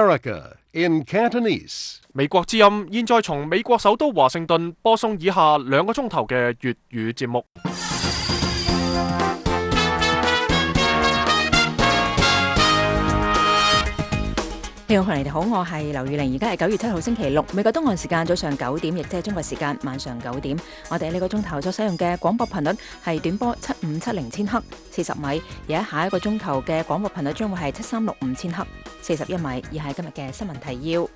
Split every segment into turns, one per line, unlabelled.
America, in Cantonese. 美國之音現在從美國首都華盛頓播送以下兩個鐘頭嘅粵語節目。聽
眾你好，我係劉宇玲，而家係九月七號星期六，美國東岸時間早上九點，亦即係中國時間晚上九點。我哋呢個鐘頭所使用嘅廣播頻率係短波七五七零千赫四十米，而喺下一個鐘頭嘅廣播頻率將會係七三六五千赫四十一米，而係今日嘅新聞提要。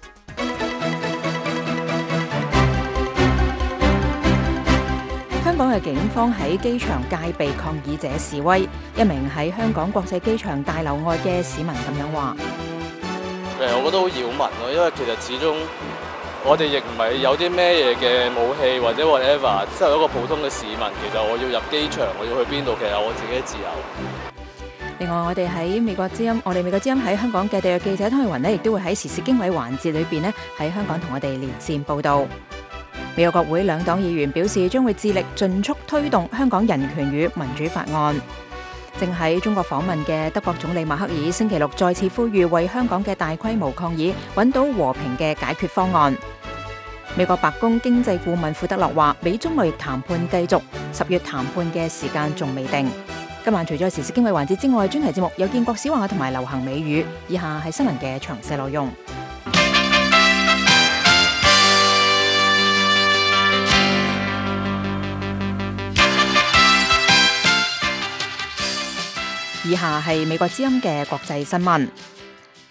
香港嘅警方喺機場戒備抗議者示威，一名喺香港國際機場大樓外嘅市民咁樣話。
其實我
覺得好擾民咯，因為其實始終我哋亦唔係有啲咩嘢嘅武器，或者 whatever，即係一個普通嘅市民，其實我要入機場，我要去邊度，其實我自己自由。
另外，我哋喺美國之音，我哋美國之音喺香港嘅特約記者湯惠芸呢，亦都會喺時事經緯環節裏邊呢，喺香港同我哋連線報導。美國國會兩黨議員表示，將會致力盡速推動香港人權與民主法案。正喺中國訪問嘅德國總理默克爾星期六再次呼籲為香港嘅大規模抗議揾到和平嘅解決方案。美國白宮經濟顧問庫德洛話，美中貿易談判繼續，十月談判嘅時間仲未定。今晚除咗時事經緯環節之外，專題節目有建國小話同埋流行美語。以下係新聞嘅詳細內容。以下係美國之音嘅國際新聞。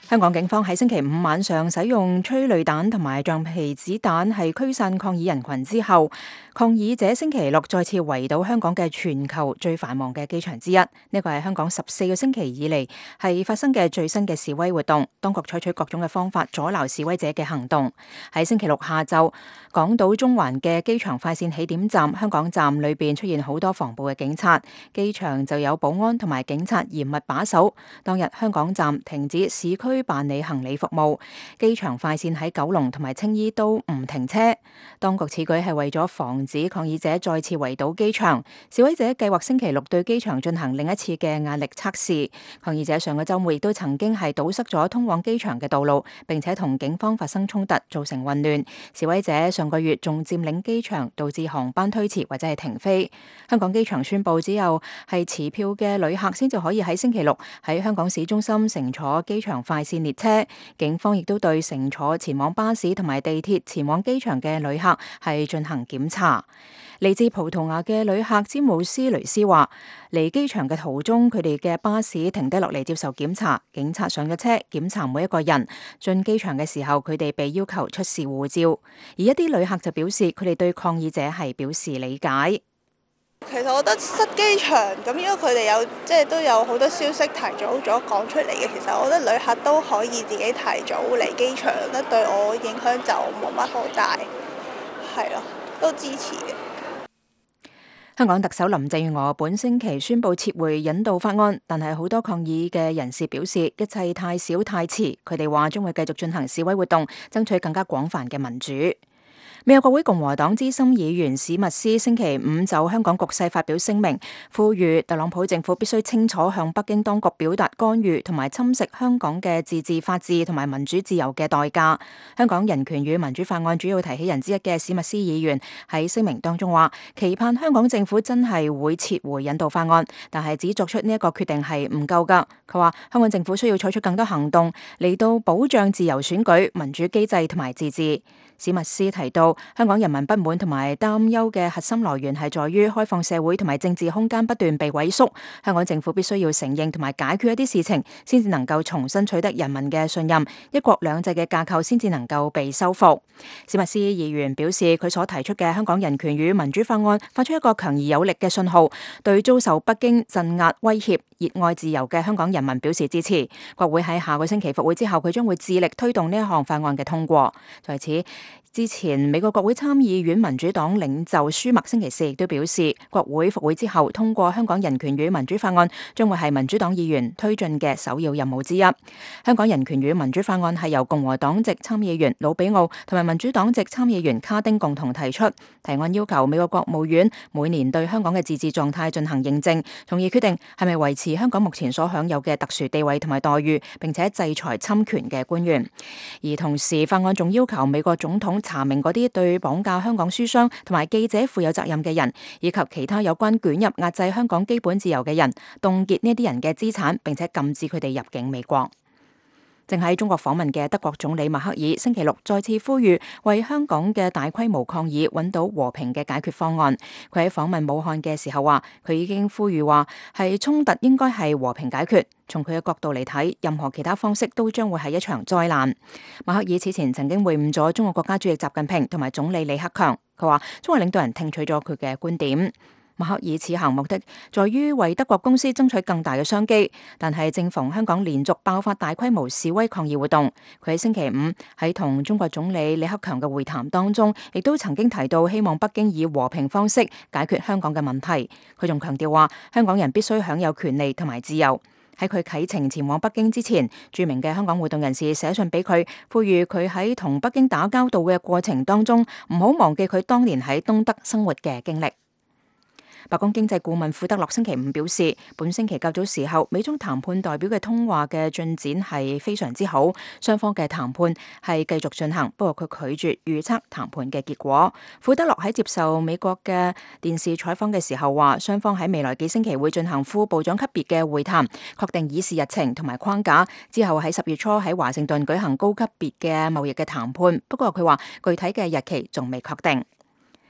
香港警方喺星期五晚上使用催淚彈同埋橡皮子彈係驅散抗議人群之後，抗議者星期六再次圍堵香港嘅全球最繁忙嘅機場之一。呢個係香港十四個星期以嚟係發生嘅最新嘅示威活動。當局採取各種嘅方法阻撓示威者嘅行動。喺星期六下晝，港島中環嘅機場快線起點站香港站裏邊出現好多防暴嘅警察，機場就有保安同埋警察嚴密把守。當日香港站停止市區。需辦理行李服務，機場快線喺九龍同埋青衣都唔停車。當局此舉係為咗防止抗議者再次圍堵機場。示威者計劃星期六對機場進行另一次嘅壓力測試。抗議者上個周末亦都曾經係堵塞咗通往機場嘅道路，並且同警方發生衝突，造成混亂。示威者上個月仲佔領機場，導致航班推遲或者係停飛。香港機場宣布只有係持票嘅旅客先至可以喺星期六喺香港市中心乘坐機場快線列車，警方亦都對乘坐前往巴士同埋地鐵前往機場嘅旅客係進行檢查。嚟自葡萄牙嘅旅客詹姆斯·雷斯話，嚟機場嘅途中，佢哋嘅巴士停低落嚟接受檢查，警察上咗車檢查每一個人。進機場嘅時候，佢哋被要求出示護照。而一啲旅客就表示，佢哋對抗議者係表示理解。
其實我覺得失機場咁，因為佢哋有即
係都有好多消息提早咗講出嚟嘅。其實我覺得旅客都可以自己提早嚟機場咧，對我影響就冇乜好大，係咯，都支
持嘅。香港特首林鄭月娥本星期宣布撤回引渡法案，但係好多抗議嘅人士表示一切太少太遲。佢哋話將會繼續進行示威活動，爭取更加廣泛嘅民主。美國國會共和黨資深議員史密斯星期五就香港局勢發表聲明，呼籲特朗普政府必須清楚向北京當局表達干預同埋侵蝕香港嘅自治、法治同埋民主自由嘅代價。香港人權與民主法案主要提起人之一嘅史密斯議員喺聲明當中話，期盼香港政府真係會撤回《引渡法案》，但係只作出呢一個決定係唔夠噶。佢話香港政府需要採取更多行動嚟到保障自由選舉、民主機制同埋自治。史密斯提到，香港人民不滿同埋擔憂嘅核心來源係在於開放社會同埋政治空間不斷被萎縮，香港政府必須要承認同埋解決一啲事情，先至能夠重新取得人民嘅信任，一國兩制嘅架構先至能夠被修復。史密斯議員表示，佢所提出嘅香港人權與民主法案，發出一個強而有力嘅信號，對遭受北京鎮壓威脅。熱愛自由嘅香港人民表示支持。國會喺下個星期復會之後，佢將會致力推動呢一項法案嘅通過。在此。之前，美國國會參議院民主黨領袖舒默星期四亦都表示，國會復會之後通過《香港人權與民主法案》將會係民主黨議員推進嘅首要任務之一。《香港人權與民主法案》係由共和黨籍參議員魯比奧同埋民主黨籍參議員卡丁共同提出，提案要求美國國務院每年對香港嘅自治狀態進行認證，從而決定係咪維持香港目前所享有嘅特殊地位同埋待遇，並且制裁侵權嘅官員。而同時，法案仲要求美國總統。查明嗰啲對綁架香港書商同埋記者負有責任嘅人，以及其他有關捲入壓制香港基本自由嘅人，凍結呢啲人嘅資產，並且禁止佢哋入境美國。正喺中國訪問嘅德國總理默克爾星期六再次呼籲為香港嘅大規模抗議揾到和平嘅解決方案。佢喺訪問武漢嘅時候話，佢已經呼籲話係衝突應該係和平解決。從佢嘅角度嚟睇，任何其他方式都將會係一場災難。默克爾此前曾經會晤咗中國國家主席習近平同埋總理李克強，佢話中國領導人聽取咗佢嘅觀點。默克爾此行目的，在於為德國公司爭取更大嘅商機，但係正逢香港連續爆發大規模示威抗議活動，佢喺星期五喺同中國總理李克強嘅會談當中，亦都曾經提到希望北京以和平方式解決香港嘅問題，佢仲強調話香港人必須享有權利同埋自由。喺佢啟程前往北京之前，著名嘅香港活動人士寫信俾佢，呼籲佢喺同北京打交道嘅過程當中，唔好忘記佢當年喺東德生活嘅經歷。白宮經濟顧問庫德洛星期五表示，本星期較早時候美中談判代表嘅通話嘅進展係非常之好，雙方嘅談判係繼續進行，不過佢拒絕預測談判嘅結果。庫德洛喺接受美國嘅電視採訪嘅時候話，雙方喺未來幾星期會進行副部長級別嘅會談，確定議事日程同埋框架，之後喺十月初喺華盛頓舉行高級別嘅貿易嘅談判，不過佢話具體嘅日期仲未確定。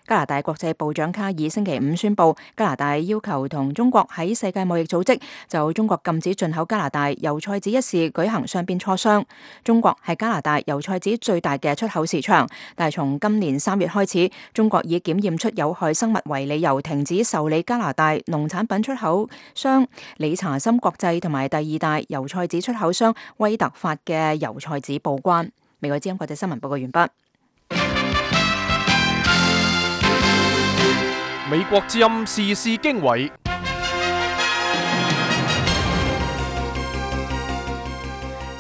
加拿大國際部長卡爾星期五宣布，加拿大要求同中國喺世界貿易組織就中國禁止進口加拿大油菜籽一事舉行雙邊磋商。中國係加拿大油菜籽最大嘅出口市場，但係從今年三月開始，中國以檢驗出有害生物為理由，停止受理加拿大農產品出口商理查森國際同埋第二大油菜籽出口商威特法嘅油菜籽報關。美國之音國際新聞報告完畢。
美國之音時事經緯，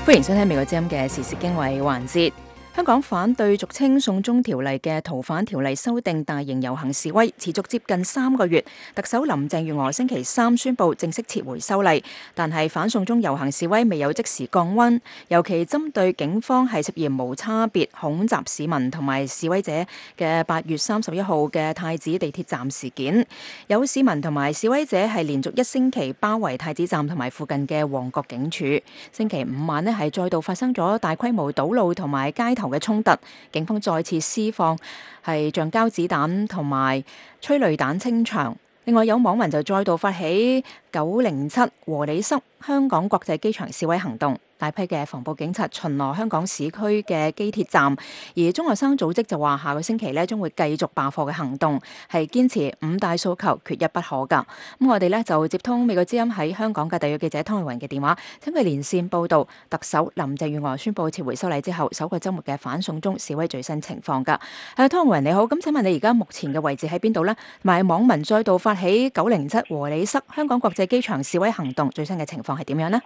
歡迎收聽美國之音嘅時事經緯環節。香港反對俗稱送中條例嘅逃犯條例修訂大型遊行示威持續接近三個月，特首林鄭月娥星期三宣布正式撤回修例，但係反送中遊行示威未有即時降溫，尤其針對警方係涉嫌無差別恐襲市民同埋示威者嘅八月三十一號嘅太子地鐵站事件，有市民同埋示威者係連續一星期包圍太子站同埋附近嘅旺角警署，星期五晚呢係再度發生咗大規模堵路同埋街頭。嘅衝突，警方再次施放係橡膠子彈同埋催淚彈清場。另外，有網民就再度發起九零七和你塞香港國際機場示威行動。大批嘅防暴警察巡邏香港市區嘅機鐵站，而中學生組織就話下個星期呢將會繼續罷課嘅行動，係堅持五大訴求，缺一不可噶咁我哋咧就接通美國之音喺香港嘅地獄記者湯玉雲嘅電話，請佢連線報道，特首林鄭月娥宣布撤回修例之後首個周末嘅反送中示威最新情況噶。係，湯玉雲你好，咁請問你而家目前嘅位置喺邊度咧？同埋網民再度發起九零七和理塞香港國際機場示威行動最新嘅情況係點樣咧？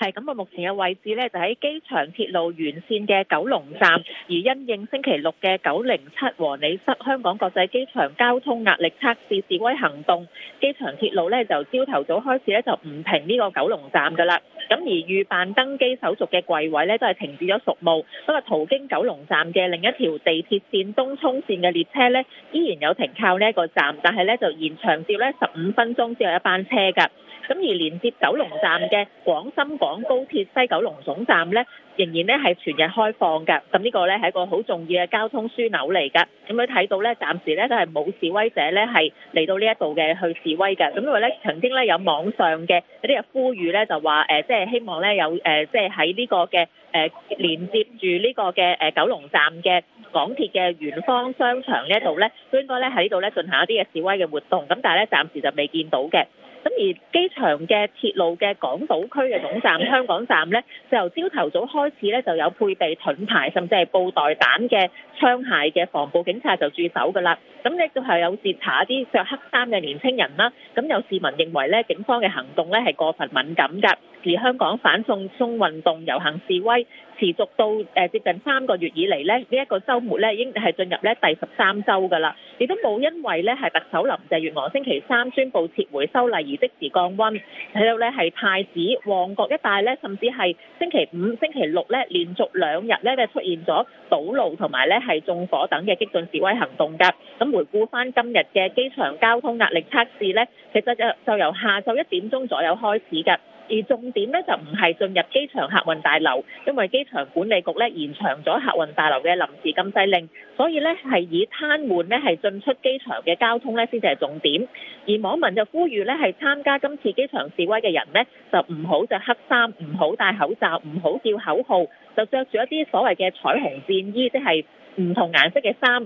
係咁，我目前嘅位置咧就喺、是、機場鐵路沿線嘅九龍站，而因應星期六嘅九零七和你塞香港國際機場交通壓力測試示，示威行動，機場鐵路咧就朝頭早開始咧就唔停呢個九龍站噶啦。咁而預辦登機手續嘅櫃位咧都係停止咗服務。不過，途經九龍站嘅另一條地鐵線東涌線嘅列車咧，依然有停靠呢一個站，但係咧就延長至咧十五分鐘之後一班車㗎。咁而連接九龍站嘅廣深港高鐵西九龍總站咧，仍然咧係全日開放㗎。咁呢個咧係一個好重要嘅交通樞紐嚟㗎。咁你睇到咧，暫時咧都係冇示威者咧係嚟到呢一度嘅去示威嘅。咁因為咧曾經咧有網上嘅一啲嘅呼籲咧，就話誒、呃，即係希望咧有誒、呃，即係喺呢個嘅誒、呃、連接住呢個嘅誒九龍站嘅港鐵嘅圓方商場呢一度咧，都應該咧喺呢度咧進行一啲嘅示威嘅活動。咁但係咧，暫時就未見到嘅。咁而機場嘅鐵路嘅港島區嘅總站香港站咧，就由朝頭早開始咧，就有配備盾牌甚至係布袋彈嘅槍械嘅防暴警察就駐守㗎喇。咁亦都係有截查啲着黑衫嘅年輕人啦。咁有市民認為咧，警方嘅行動咧係過分敏感㗎。而香港反送中運動遊行示威持續到誒接近三個月以嚟咧，呢一個週末咧已經係進入咧第十三週㗎啦。亦都冇因為咧係特首林鄭月娥星期三宣佈撤回修例而即時降溫。睇到咧係太子、旺角一帶咧，甚至係星期五、星期六咧，連續兩日咧都係出現咗堵路同埋咧係縱火等嘅激進示威行動㗎。咁回顧翻今日嘅機場交通壓力測試咧，其實就就由下晝一點鐘左右開始㗎。而重點咧就唔係進入機場客運大樓，因為機場管理局咧延長咗客運大樓嘅臨時禁制令，所以咧係以癱瘓咧係進出機場嘅交通咧先至係重點。而網民就呼籲咧係參加今次機場示威嘅人呢，就唔好着黑衫，唔好戴口罩，唔好叫口號，就着住一啲所謂嘅彩虹戰衣，即係唔同顏色嘅衫。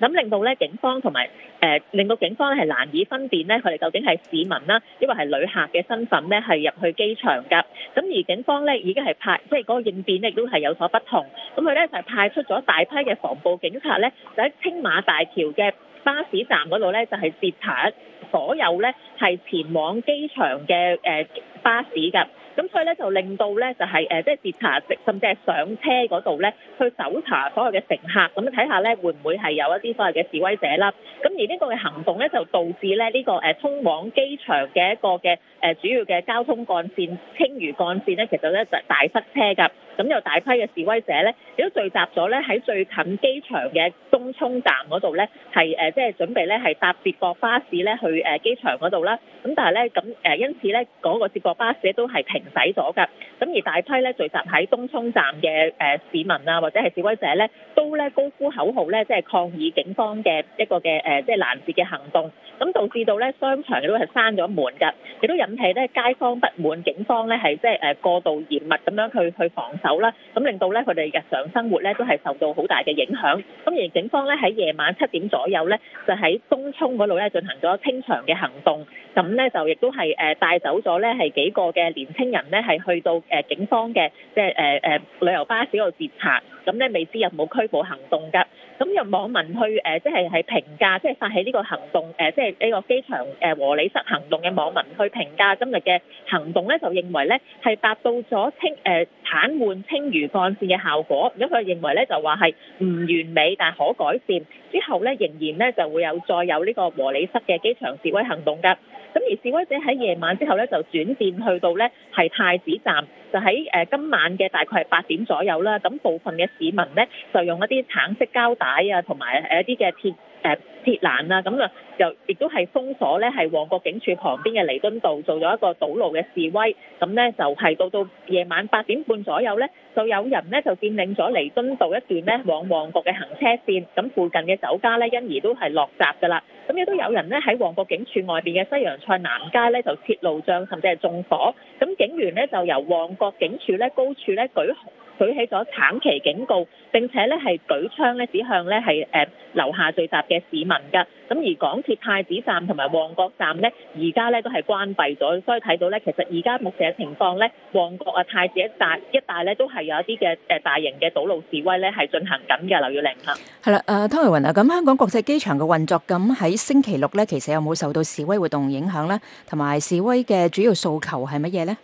咁令到咧，警方同埋誒，令到警方係難以分辨咧，佢哋究竟係市民啦，抑或係旅客嘅身份咧，係入去機場噶。咁而警方咧已經係派，即係嗰個應變亦都係有所不同。咁佢咧就係派出咗大批嘅防暴警察咧，就喺青馬大橋嘅巴士站嗰度咧，就係截查所有咧係前往機場嘅誒、呃、巴士噶。咁所以咧就令到咧就係、是、誒、呃、即係截查乘，甚至係上車嗰度咧去搜查所有嘅乘客，咁啊睇下咧會唔會係有一啲所謂嘅示威者啦。咁、啊、而呢個嘅行動咧就導致咧、這、呢個誒、啊、通往機場嘅一個嘅誒主要嘅交通幹線青魚幹線咧，其實有啲就大塞車㗎。咁、嗯、有大批嘅示威者咧亦都聚集咗咧喺最近機場嘅東涌站嗰度咧，係誒即係準備咧係搭接駁巴士咧去誒機場嗰度啦。咁但係咧咁誒，因此咧嗰、那個接駁巴士都係停使咗㗎，咁而大批咧聚集喺東涌站嘅誒市民啊，或者係示威者咧，都咧高呼口號咧，即係抗議警方嘅一個嘅誒，即係攔截嘅行動，咁導致到咧商場亦都係閂咗門㗎，亦都引起咧街坊不滿，警方咧係即係誒過度嚴密咁樣去去防守啦，咁令到咧佢哋日常生活咧都係受到好大嘅影響。咁而警方咧喺夜晚七點左右咧，就喺東涌嗰度咧進行咗清場嘅行動，咁咧就亦都係誒帶走咗咧係幾個嘅年輕。人咧係去到誒警方嘅，即係誒誒旅遊巴士度截查，咁咧未知有冇拘捕行動㗎？咁有網民去誒，即係係評價，即係發起呢個行動誒，即係呢個機場誒和理非行動嘅網民去評價今日嘅行動咧，就認為咧係達到咗清誒癱瘓青嶼幹線嘅效果，咁佢認為咧就話係唔完美，但係可改善。之後咧，仍然咧就會有再有呢個和理塞嘅機場示威行動嘅。咁而示威者喺夜晚之後咧，就轉戰去到咧係太子站，就喺誒、呃、今晚嘅大概係八點左右啦。咁部分嘅市民咧，就用一啲橙色膠帶啊，同埋誒一啲嘅鐵誒。呃鐵欄啦、啊，咁啊就亦都係封鎖咧，係旺角警署旁邊嘅彌敦道做咗一個堵路嘅示威。咁咧就係到到夜晚八點半左右咧，就有人咧就佔領咗彌敦道一段咧往旺角嘅行車線。咁附近嘅酒家咧，因而都係落閘㗎啦。咁亦都有人咧喺旺角警署外邊嘅西洋菜南街咧就設路障，甚至係縱火。咁警員咧就由旺角警署咧高處咧舉舉起咗橙旗警告，並且咧係舉槍咧指向咧係誒樓下聚集嘅市民。噶咁而港鐵太子站同埋旺角站呢，而家咧都係關閉咗，所以睇到呢，其實而家目前嘅情況呢，旺角啊、太子一帶、一帶呢都係有一啲嘅誒大型嘅堵路示威呢，係進行緊嘅。劉耀玲嚇
係啦，誒、嗯哎、湯若雲啊，咁香港國際機場嘅運作咁喺星期六咧，其實有冇受到示威活動影響咧？同埋示威嘅主要訴求係乜嘢咧？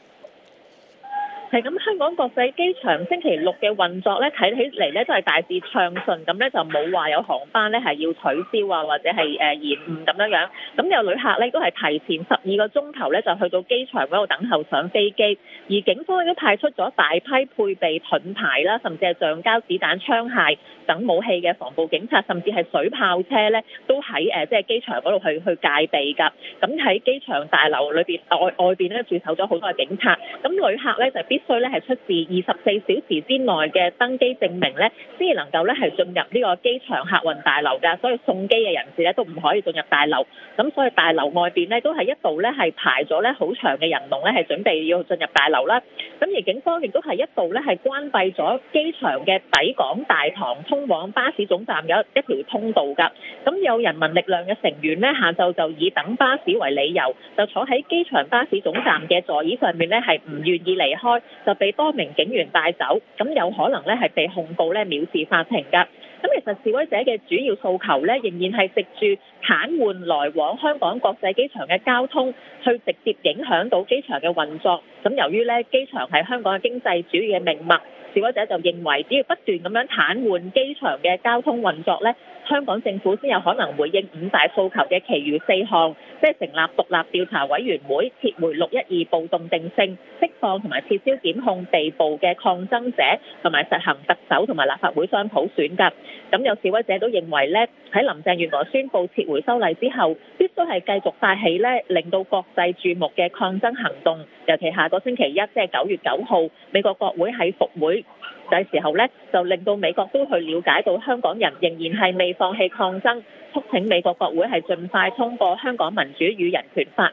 係咁，香港國際機場星期六嘅運作咧，睇起嚟咧都係大致暢順，咁咧就冇話有，有航班咧係要取消啊，或者係誒、呃、延誤咁樣樣。咁有旅客咧都係提前十二個鐘頭咧就去到機場嗰度等候上飛機，而警方亦都派出咗大批配備盾牌啦，甚至係橡膠子彈槍械。等武器嘅防暴警察，甚至係水炮車咧，都喺誒即係機場嗰度去去戒備噶，咁喺機場大樓裏邊外外邊咧駐守咗好多嘅警察。咁旅客咧就必須咧係出示二十四小時之內嘅登機證明咧，先至能夠咧係進入呢個機場客運大樓噶，所以送機嘅人士咧都唔可以進入大樓，咁所以大樓外邊咧都係一度咧係排咗咧好長嘅人龍咧係準備要進入大樓啦。咁而警方亦都係一度咧係關閉咗機場嘅抵港大堂通。通往巴士總站有一條通道㗎，咁有人民力量嘅成員咧，下晝就以等巴士為理由，就坐喺機場巴士總站嘅座椅上面咧，係唔願意離開，就被多名警員帶走，咁有可能咧係被控告咧藐視法庭㗎，咁其實示威者嘅主要訴求咧，仍然係藉住癱瘓來往香港國際機場嘅交通，去直接影響到機場嘅運作。咁由於呢，機場係香港嘅經濟主要嘅命脈，示威者就認為只要不斷咁樣癱瘓機場嘅交通運作呢，香港政府先有可能回應五大訴求嘅其餘四項，即係成立獨立調查委員會、撤回六一二暴動定性、釋放同埋撤銷檢控被捕嘅抗爭者，同埋實行特首同埋立法會雙普選㗎。咁有示威者都認為呢喺林鄭月娥宣布撤回收禮之後，必須係繼續發起咧，令到國際注目嘅抗爭行動，尤其下個星期一，即係九月九號，美國國會喺復會嘅時候咧，就令到美國都去了解到香港人仍然係未放棄抗爭，促請美國國會係盡快通過《香港民主與人權法案》，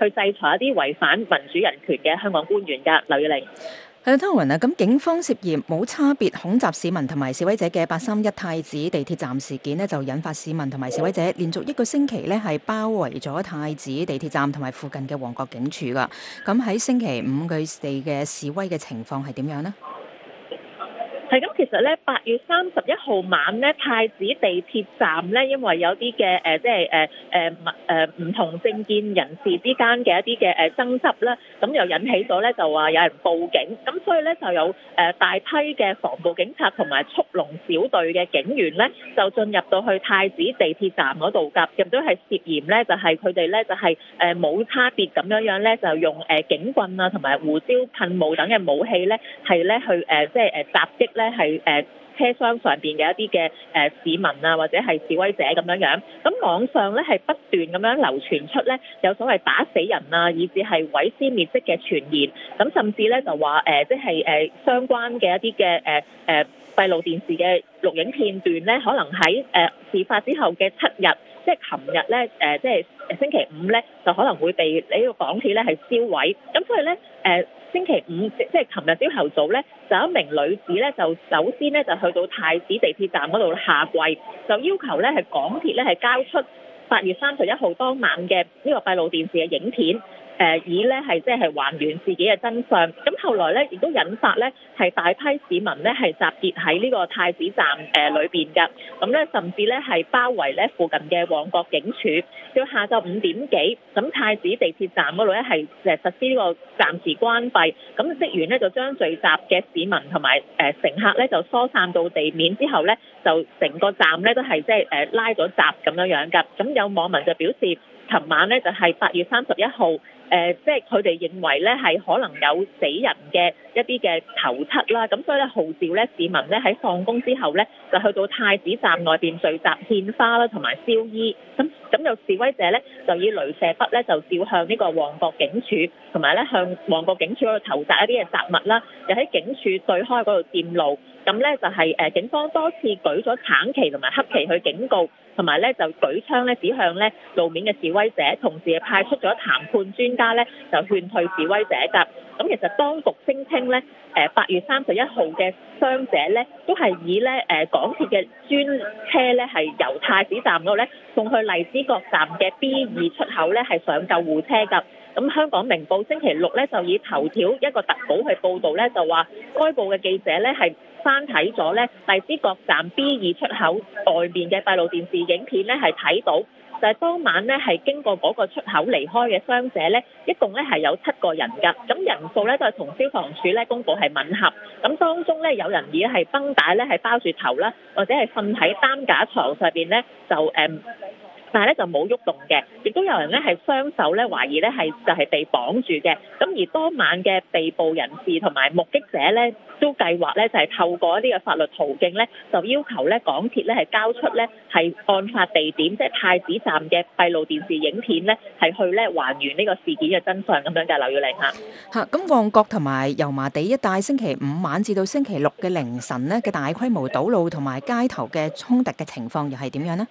去制裁一啲違反民主人權嘅香港官員㗎。劉月玲。
係啊！咁、嗯、警方涉嫌冇差別恐襲市民同埋示威者嘅八三一太子地鐵站事件咧，就引發市民同埋示威者連續一個星期咧，係包圍咗太子地鐵站同埋附近嘅旺角警署噶。咁喺星期五佢哋嘅示威嘅情況係點樣呢？
係咁，其實咧，八月三十一號晚咧，太子地鐵站咧，因為有啲嘅誒，即係誒誒誒唔同政見人士之間嘅一啲嘅誒爭執啦，咁又引起咗咧，就話有人報警，咁所以咧就有誒大批嘅防暴警察同埋速龍小隊嘅警員咧，就進入到去太子地鐵站嗰度，夾亦都係涉嫌咧，就係佢哋咧就係誒冇差別咁樣樣咧，就用誒警棍啊同埋胡椒噴霧等嘅武器咧，係咧去誒即係誒襲擊咧。咧係誒車廂上邊嘅一啲嘅誒市民啊，或者係示威者咁樣樣，咁網上咧係不斷咁樣流傳出咧有所謂打死人啊，以至係毀屍滅跡嘅傳言，咁甚至咧就話誒、呃、即係誒相關嘅一啲嘅誒誒閉路電視嘅錄影片段咧，可能喺誒、呃、事發之後嘅七日，即係琴日咧誒，即係星期五咧，就可能會被你呢個港鐵咧係燒毀，咁所以咧誒。呃呃星期五即係琴日朝頭早咧，就有一名女子咧，就首先咧就去到太子地鐵站嗰度下跪，就要求咧係港鐵咧係交出八月三十一號當晚嘅呢個閉路電視嘅影片。誒以咧係即係還原自己嘅真相，咁後來咧亦都引發咧係大批市民咧係集結喺呢個太子站誒裏邊㗎，咁咧甚至咧係包圍咧附近嘅旺角警署。要下晝五點幾，咁太子地鐵站嗰度咧係誒實施呢個暫時關閉，咁職員咧就將聚集嘅市民同埋誒乘客咧就疏散到地面之後咧，就成個站咧都係即係誒拉咗閘咁樣樣㗎。咁有網民就表示，尋晚咧就係八月三十一號。誒，即係佢哋認為咧，係可能有死人嘅一啲嘅頭七啦，咁所以咧號召咧市民咧喺放工之後咧，就去到太子站外邊聚集獻花啦，同埋燒衣。咁咁有示威者咧，就以鐳射筆咧就照向呢個旺角警署，同埋咧向旺角警署嗰度投擲一啲嘅雜物啦，又喺警署對開嗰度佔路。咁咧就係誒警方多次舉咗橙旗同埋黑旗去警告，同埋咧就舉槍咧指向咧路面嘅示威者，同時係派出咗談判專家。家咧就勸退示威者㗎。咁其實當局聲稱咧，誒八月三十一號嘅傷者咧，都係以咧誒港鐵嘅專車咧，係由太子站度咧送去荔枝角站嘅 B 二出口咧，係上救護車㗎。咁香港明報星期六咧就以頭條一個特稿去報導咧，就話該報嘅記者咧係翻睇咗咧荔枝角站 B 二出口外面嘅閉路電視影片咧，係睇到。就係當晚咧，係經過嗰個出口離開嘅傷者咧，一共咧係有七個人㗎。咁人數咧都係同消防署咧公告係吻合。咁當中咧有人已經係繃帶咧係包住頭啦，或者係瞓喺擔架床上邊咧就誒。但係咧就冇喐動嘅，亦都有人咧係雙手咧懷疑咧係就係被綁住嘅。咁而當晚嘅被捕人士同埋目擊者咧都計劃咧就係透過一啲嘅法律途徑咧就要求咧港鐵咧係交出咧係案發地點即係太子站嘅閉路電視影片咧係去咧還原呢個事件嘅真相咁樣嘅。劉耀玲嚇
嚇，咁旺角同埋油麻地一帶星期五晚至到星期六嘅凌晨呢嘅大規模堵路同埋街頭嘅衝突嘅情況又係點樣呢？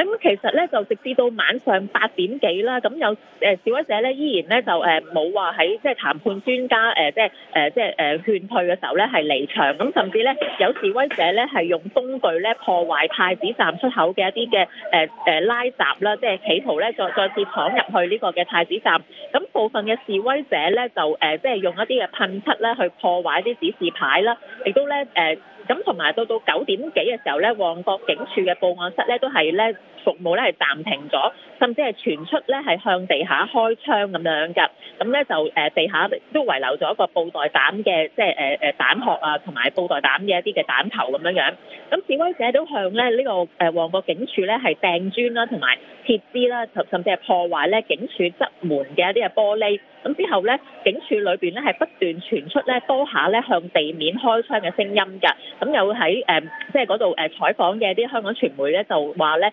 咁其實咧就直至到晚上八點幾啦，咁有誒示威者咧依然咧就誒冇話喺即係談判專家誒即係誒即係誒勸退嘅時候咧係離場，咁甚至咧有示威者咧係用工具咧破壞太子站出口嘅一啲嘅誒誒拉閘啦，即係企圖咧再再次闖入去呢個嘅太子站，咁部分嘅示威者咧就誒即係用一啲嘅噴漆咧去破壞啲指示牌啦，亦都咧誒。呃咁同埋到到九點幾嘅時候咧，旺角警署嘅報案室咧都係咧服務咧係暫停咗，甚至係傳出咧係向地下開槍咁樣噶。咁咧就誒地下都遺留咗一個布袋彈嘅，即係誒誒彈殼啊，同埋布袋彈嘅一啲嘅彈頭咁樣樣。咁示威者都向咧呢個誒旺角警署咧係掟磚啦，同埋設施啦，甚至係破壞咧警署側門嘅一啲嘅玻璃。咁之後咧，警署裏邊咧係不斷傳出咧多下咧向地面開槍嘅聲音㗎，咁又喺誒即係嗰度誒採訪嘅啲香港傳媒咧就話咧誒，誒、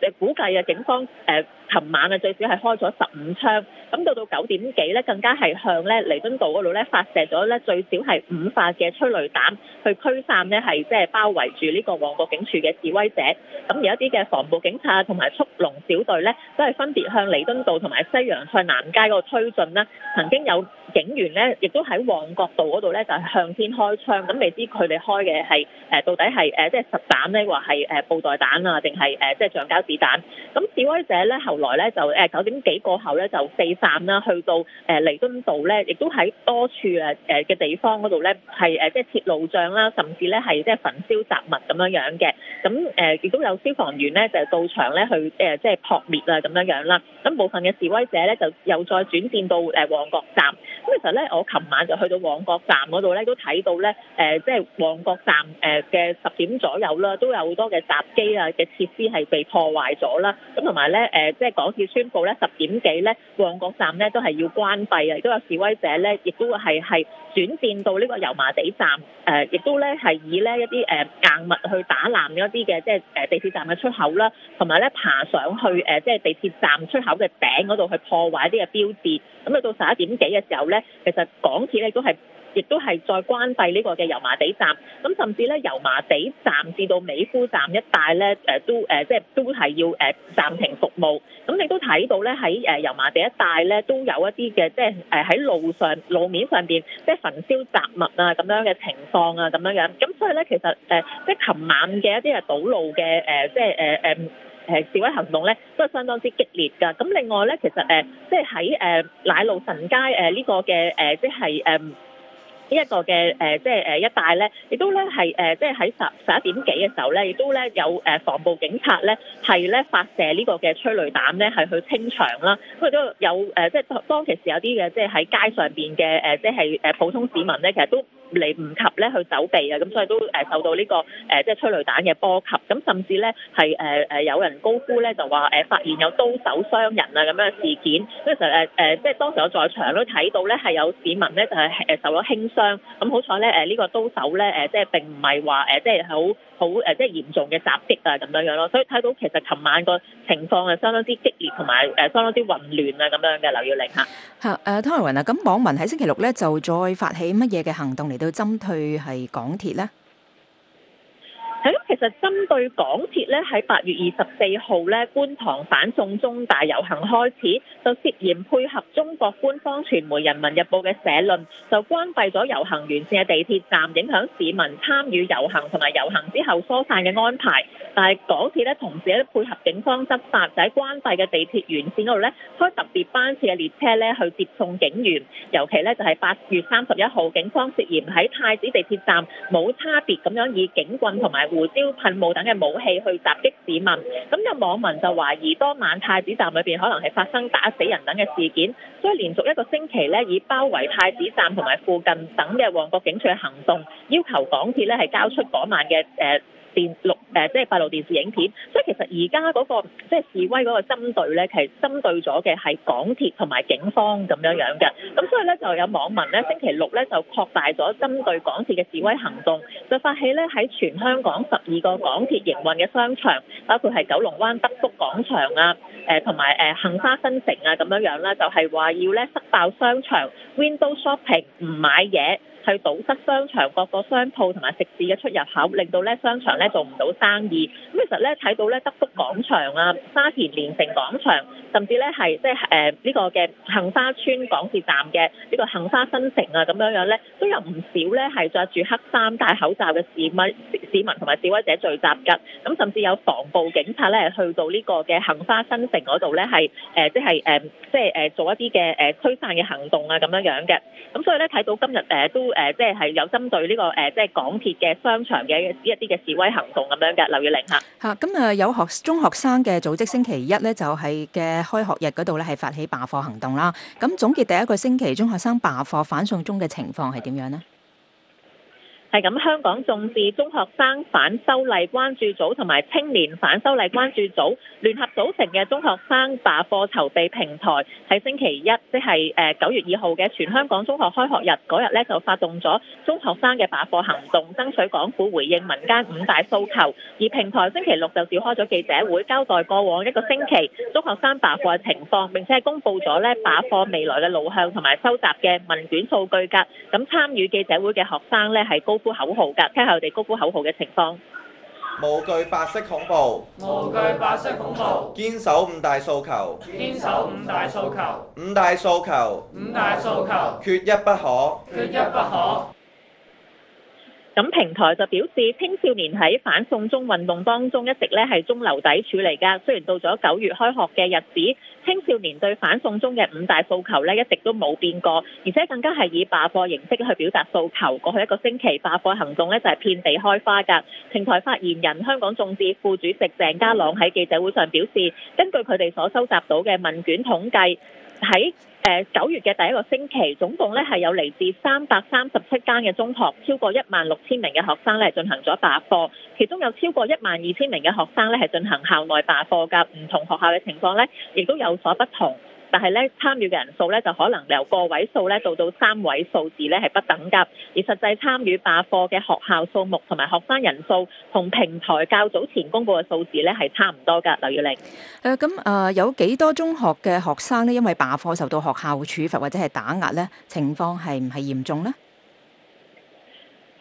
呃、估計啊警方誒。呃琴晚啊，最少係開咗十五槍，咁到到九點幾咧，更加係向咧彌敦道嗰度咧發射咗咧最少係五發嘅催淚彈，去驅散咧係即係包圍住呢個旺角警署嘅示威者。咁而一啲嘅防暴警察同埋速龍小隊咧，都係分別向彌敦道同埋西洋菜南街嗰度推進啦。曾經有警員咧，亦都喺旺角道嗰度咧，就係向天開槍。咁未知佢哋開嘅係誒到底係誒即係實彈呢，話係誒布袋彈啊，定係誒即係橡膠子彈。咁示威者咧後來咧就誒九點幾過後咧就四散啦，去到誒彌敦道咧，亦都喺多處誒誒嘅地方嗰度咧係誒即係設路障啦，甚至咧係即係焚燒雜物咁樣樣嘅。咁誒亦都有消防員咧就係到場咧去誒即係撲滅啊咁樣樣啦。咁部分嘅示威者咧就又再轉戰到誒旺角站。咁其實咧我琴晚就去到旺角站嗰度咧都睇到咧誒即係旺角站誒嘅十點左右啦，都有好多嘅閘機啊嘅設施係被破壞咗啦。咁同埋咧誒即係。港鐵宣布咧十點幾咧旺角站咧都係要關閉啊！亦都有示威者咧，亦都會係係轉戰到呢個油麻地站，誒、呃、亦都咧係以咧一啲誒、呃、硬物去打爛一啲嘅即係誒地鐵站嘅出口啦，同埋咧爬上去誒、呃、即係地鐵站出口嘅頂嗰度去破壞一啲嘅標誌。咁、嗯、啊到十一點幾嘅時候咧，其實港鐵咧亦都係。亦都係再關閉呢個嘅油麻地站，咁甚至咧油麻地站至到美孚站一帶咧，誒都誒、呃、即係都係要誒暫、呃、停服務。咁你都睇到咧喺誒油麻地一帶咧都有一啲嘅即係誒喺路上路面上邊即係焚燒雜物啊咁樣嘅情況啊咁樣樣。咁所以咧其實誒、呃、即係琴晚嘅一啲嘅堵路嘅誒、呃、即係誒誒誒示威行動咧都係相當之激烈噶。咁另外咧其實誒、呃、即係喺誒奶路臣街誒呢、呃這個嘅誒、呃、即係誒。呃呃呃呃呢一個嘅誒、呃，即係誒一帶咧，亦都咧係誒，即係喺十十一點幾嘅時候咧，亦都咧有誒、呃、防暴警察咧，係咧發射呢個嘅催淚彈咧，係去清場啦。佢都有誒、呃，即係當其時有啲嘅，即係喺街上邊嘅誒，即係誒普通市民咧，其實都嚟唔及咧去走避啊，咁所以都誒受到呢、這個誒、呃、即係催淚彈嘅波及，咁甚至咧係誒誒有人高呼咧就話誒發現有刀手傷人啊咁樣嘅事件，咁其實誒、呃、即係當時我在場都睇到咧係有市民咧就係誒受咗輕傷，咁、嗯、好彩咧誒呢個刀手咧誒即係並唔係話誒即係好好誒即係嚴重嘅襲擊啊咁樣樣咯，所以睇到其實琴晚個情況係相當之激烈同埋誒相當之混亂啊咁樣嘅，劉耀玲嚇
嚇誒湯雲啊，咁、啊、網民喺星期六咧就再發起乜嘢嘅行動嚟？要針對係港鐵咧。
其實針對港鐵咧，喺八月二十四號咧，觀塘反送中大遊行開始，就涉嫌配合中國官方傳媒《人民日報》嘅社論，就關閉咗遊行沿線嘅地鐵站，影響市民參與遊行同埋遊行之後疏散嘅安排。但係港鐵咧，同時咧配合警方執法，就喺關閉嘅地鐵沿線嗰度咧，開特別班次嘅列車咧，去接送警員。尤其咧，就係八月三十一號，警方涉嫌喺太子地鐵站冇差別咁樣以警棍同埋胡椒噴霧等嘅武器去襲擊市民，咁有網民就懷疑當晚太子站裏邊可能係發生打死人等嘅事件，所以連續一個星期呢，以包圍太子站同埋附近等嘅旺角警署嘅行動，要求港鐵呢係交出嗰晚嘅誒。呃電六誒、呃，即係閉路電視影片，所以其實而家嗰個即係示威嗰個針對咧，其實針對咗嘅係港鐵同埋警方咁樣樣嘅，咁所以咧就有網民咧星期六咧就擴大咗針對港鐵嘅示威行動，就發起咧喺全香港十二個港鐵營運嘅商場，包括係九龍灣德福廣場啊，誒同埋誒杏花新城啊咁樣樣啦，就係、是、話要咧塞爆商場，Window Shopping 唔買嘢。去堵塞商場各個商鋪同埋食肆嘅出入口，令到咧商場咧做唔到生意。咁其實咧睇到咧德福廣場啊、沙田連城廣場，甚至咧係即係誒呢個嘅杏花村港鐵站嘅呢個杏花新城啊咁樣樣咧，都有唔少咧係着住黑衫戴口罩嘅市民、市民同埋示威者聚集㗎。咁甚至有防暴警察咧去到呢個嘅杏花新城嗰度咧係誒即係誒即係誒做一啲嘅誒驅散嘅行動啊咁樣樣嘅。咁所以咧睇到今日誒、呃、都。誒、呃，即係有針對呢、這個誒、呃，即係港鐵嘅商場嘅一啲嘅示威行動咁樣嘅劉月玲吓，
吓咁啊，有學中學生嘅組織星期一咧就係嘅開學日嗰度咧係發起罷課行動啦。咁總結第一個星期中學生罷課反送中嘅情況係點樣呢？
係咁，香港眾志中學生反修例關注組同埋青年反修例關注組聯合組成嘅中學生罷課籌備平台，喺星期一，即係誒九月二號嘅全香港中學開學日嗰日咧，就發動咗中學生嘅罷課行動，爭取港府回應民間五大訴求。而平台星期六就召開咗記者會，交代過往一個星期中學生罷課嘅情況，並且係公布咗咧罷課未來嘅路向同埋收集嘅問卷數據噶。咁參與記者會嘅學生咧係高
呼口號㗎，聽下我哋高呼口號嘅情況。無懼白色恐怖，無懼白色恐怖，堅守五大訴求，堅守五大訴求，五大訴求，五大訴求，缺一不可，缺一不可。
咁平台就表示，青少年喺反送中運動當中一直咧係中流砥柱嚟噶。雖然到咗九月開學嘅日子，青少年對反送中嘅五大訴求咧一直都冇變過，而且更加係以罷課形式去表達訴求。過去一個星期，罷課行動咧就係遍地開花噶。平台發言人香港眾志副主席鄭家朗喺記者會上表示，根據佢哋所收集到嘅問卷統計。喺誒，九月嘅第一個星期，總共咧係有嚟自三百三十七間嘅中學，超過一萬六千名嘅學生咧進行咗罷課，其中有超過一萬二千名嘅學生咧係進行校內罷課㗎。唔同學校嘅情況咧，亦都有所不同。但係咧，參與嘅人數咧，就可能由個位數咧，到到三位數字咧，係不等噶。而實際參與罷課嘅學校數目同埋學生人數，同平台較早前公布嘅數字咧，係差唔多噶。劉月玲，
誒咁啊，有幾多中學嘅學生呢？因為罷課受到學校處罰或者係打壓咧，情況係唔係嚴重呢？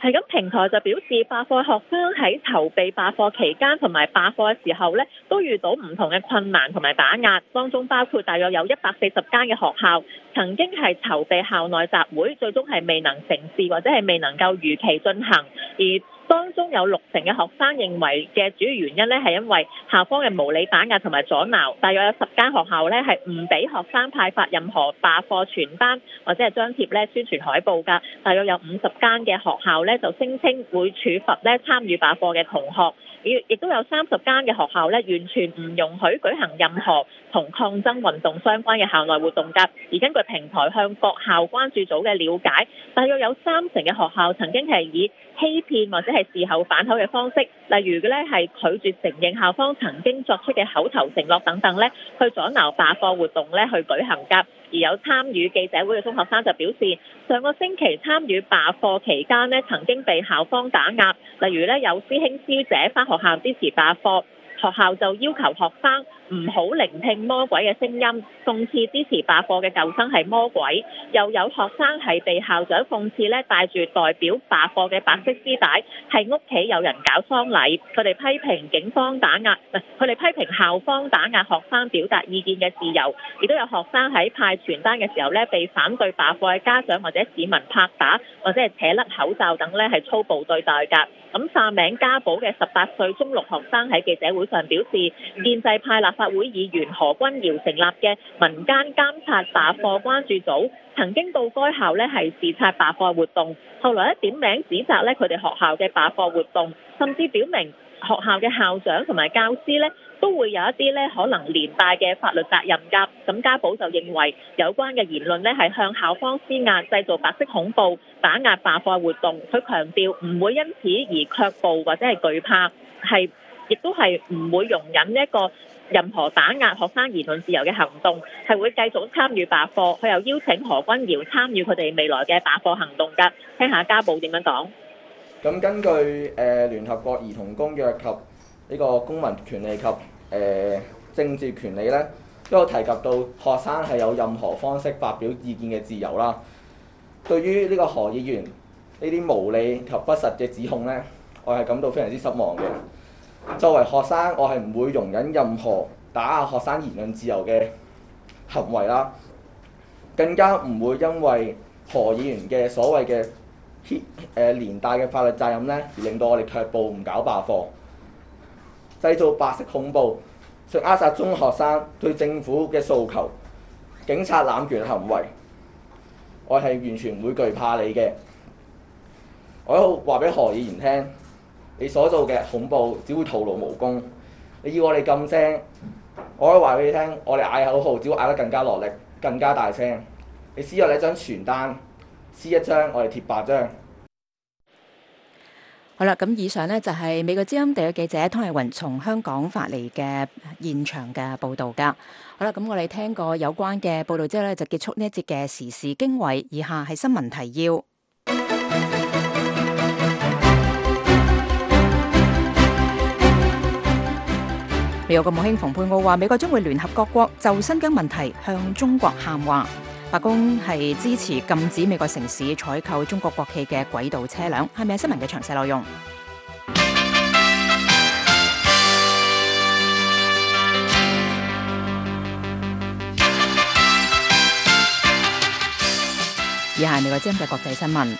係咁，平台就表示，罷課學生喺籌備罷課期間同埋罷課嘅時候咧，都遇到唔同嘅困難同埋打壓，當中包括大約有一百四十間嘅學校曾經係籌備校內集會，最終係未能成事或者係未能夠如期進行，而。當中有六成嘅學生認為嘅主要原因咧，係因為校方嘅無理打壓同埋阻撓。大約有十間學校咧，係唔俾學生派發任何罷課傳單或者係張貼咧宣傳海報㗎。大約有五十間嘅學校咧，就聲稱會處罰咧參與罷課嘅同學。亦都有三十間嘅學校咧，完全唔容許舉行任何同抗爭運動相關嘅校內活動㗎。而根據平台向各校關注組嘅了解，大約有三成嘅學校曾經係以欺騙或者係事後反口嘅方式，例如嘅咧係拒絕承認校方曾經作出嘅口頭承諾等等咧，去阻撓罷課活動咧去舉行㗎。而有參與記者會嘅中學生就表示，上個星期參與罷課期間咧，曾經被校方打壓，例如咧有師兄師姐返學校支持罷課，學校就要求學生，唔好聆聽魔鬼嘅聲音，諷刺支持罷課嘅舊生係魔鬼。又有學生係被校長諷刺咧，帶住代表罷課嘅白色絲帶，係屋企有人搞喪禮。佢哋批評警方打壓，佢哋批評校方打壓學生表達意見嘅自由。亦都有學生喺派傳單嘅時候咧，被反對罷課嘅家長或者市民拍打，或者係扯甩口罩等咧，係粗暴對待㗎。咁化名家寶嘅十八歲中六學生喺記者會上表示，建制派立。立法會議員何君堯成立嘅民間監察罷課關注組，曾經到該校咧係視察罷課活動，後來咧點名指責咧佢哋學校嘅罷課活動，甚至表明學校嘅校長同埋教師咧都會有一啲咧可能連帶嘅法律責任㗎。咁家寶就認為有關嘅言論咧係向校方施壓，製造白色恐怖，打壓罷課活動。佢強調唔會因此而卻步或者係懼怕，係亦都係唔會容忍一個。任何打壓學生言論自由嘅行動，係會繼續參與罷課，佢又邀請何君堯參與佢哋未來嘅罷課行動㗎。聽下家寶點樣講？
咁根據誒聯合國兒童公約及呢個公民權利及誒政治權利咧，都有提及到學生係有任何方式發表意見嘅自由啦。對於呢個何議員呢啲無理及不實嘅指控咧，我係感到非常之失望嘅。作為學生，我係唔會容忍任何打壓學生言論自由嘅行為啦，更加唔會因為何議員嘅所謂嘅誒連帶嘅法律責任咧，而令到我哋卻步唔搞罷課，製造白色恐怖，想扼殺中學生對政府嘅訴求，警察濫權行為，我係完全唔會懼怕你嘅，我都話俾何議員聽。你所做嘅恐怖，只會徒勞無功。你要我哋噤聲，我可以話俾你聽，我哋嗌口號，只會嗌得更加落力、更加大聲。你撕咗你一張傳單，撕一張，我哋貼八張。
好啦，咁以上呢，就係美國之音嘅記者湯麗雲從香港發嚟嘅現場嘅報導噶。好啦，咁我哋聽過有關嘅報導之後呢，就結束呢一節嘅時事經緯。以下係新聞提要。有個親美國母兄蓬佩奧話，美國將會聯合各國就新疆問題向中國喊話。白宮係支持禁止美國城市採購中國國企嘅軌道車輛，係咪？新聞嘅詳細內容。以下係美國之音嘅國際新聞。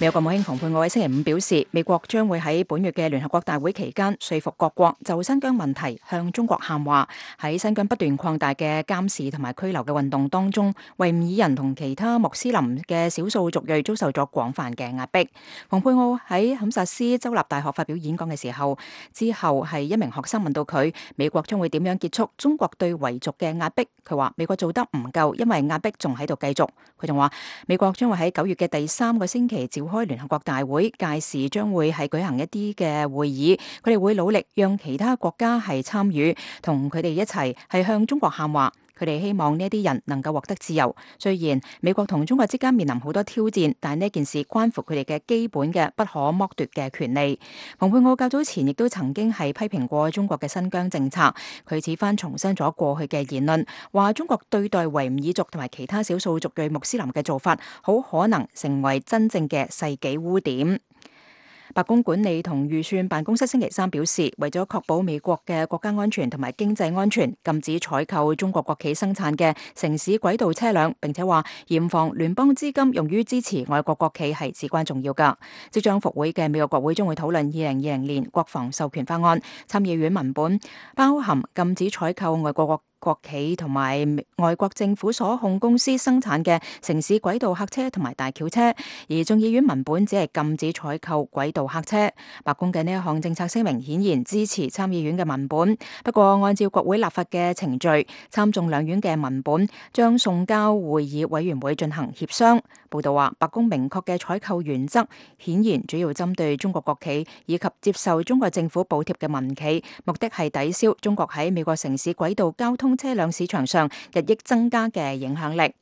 美國國務卿蓬佩奧喺星期五表示，美國將會喺本月嘅聯合國大會期間說服各國就新疆問題向中國喊話。喺新疆不斷擴大嘅監視同埋拘留嘅運動當中，維吾爾人同其他穆斯林嘅少數族裔遭受咗廣泛嘅壓迫。蓬佩奧喺堪薩斯州立大學發表演講嘅時候，之後係一名學生問到佢：美國將會點樣結束中國對維族嘅壓迫？佢話美國做得唔夠，因為壓迫仲喺度繼續。佢仲話美國將會喺九月嘅第三個星期召開聯合國大會，屆時將會係舉行一啲嘅會議，佢哋會努力讓其他國家係參與，同佢哋一齊係向中國喊話。佢哋希望呢啲人能夠獲得自由。雖然美國同中國之間面臨好多挑戰，但呢件事關乎佢哋嘅基本嘅不可剝奪嘅權利。蓬佩奧較早前亦都曾經係批評過中國嘅新疆政策。佢此番重申咗過去嘅言論，話中國對待維吾爾族同埋其他少數族裔穆斯林嘅做法，好可能成為真正嘅世紀污點。白宮管理同預算辦公室星期三表示，為咗確保美國嘅國家安全同埋經濟安全，禁止採購中國國企生產嘅城市軌道車輛，並且話嚴防聯邦資金用於支持外國國企係至關重要噶。即將復會嘅美國國會將會討論二零二零年國防授權法案，參議院文本，包含禁止採購外國國。國企同埋外國政府所控公司生產嘅城市軌道客車同埋大轎車，而眾議院文本只係禁止採購軌道客車。白宮嘅呢一項政策聲明顯然支持參議院嘅文本。不過，按照國會立法嘅程序，參眾兩院嘅文本將送交會議委員會進行協商。報道話，白宮明確嘅採購原則顯然主要針對中國國企以及接受中國政府補貼嘅民企，目的係抵消中國喺美國城市軌道交通車輛市場上日益增加嘅影響力。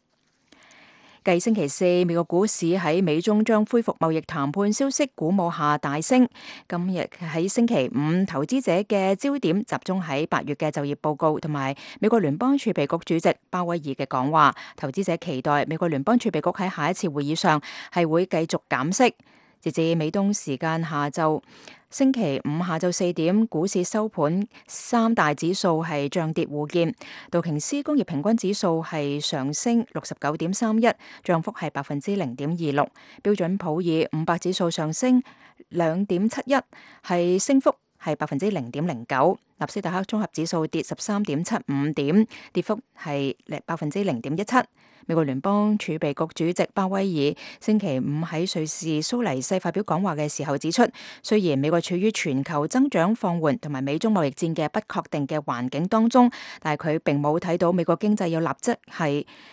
繼星期四美國股市喺美中將恢復貿易談判消息鼓舞下大升，今日喺星期五，投資者嘅焦點集中喺八月嘅就業報告同埋美國聯邦儲備局主席鮑威爾嘅講話。投資者期待美國聯邦儲備局喺下一次會議上係會繼續減息。截至美東時間下晝。星期五下晝四點，股市收盤三大指數係漲跌互見。道瓊斯工業平均指數係上升六十九點三一，漲幅係百分之零點二六。標準普爾五百指數上升兩點七一，係升幅係百分之零點零九。納斯達克綜合指數跌十三點七五點，跌幅係百分之零點一七。美國聯邦儲備局主席鮑威爾星期五喺瑞士蘇黎世發表講話嘅時候指出，雖然美國處於全球增長放緩同埋美中貿易戰嘅不確定嘅環境當中，但係佢並冇睇到美國經濟有立即係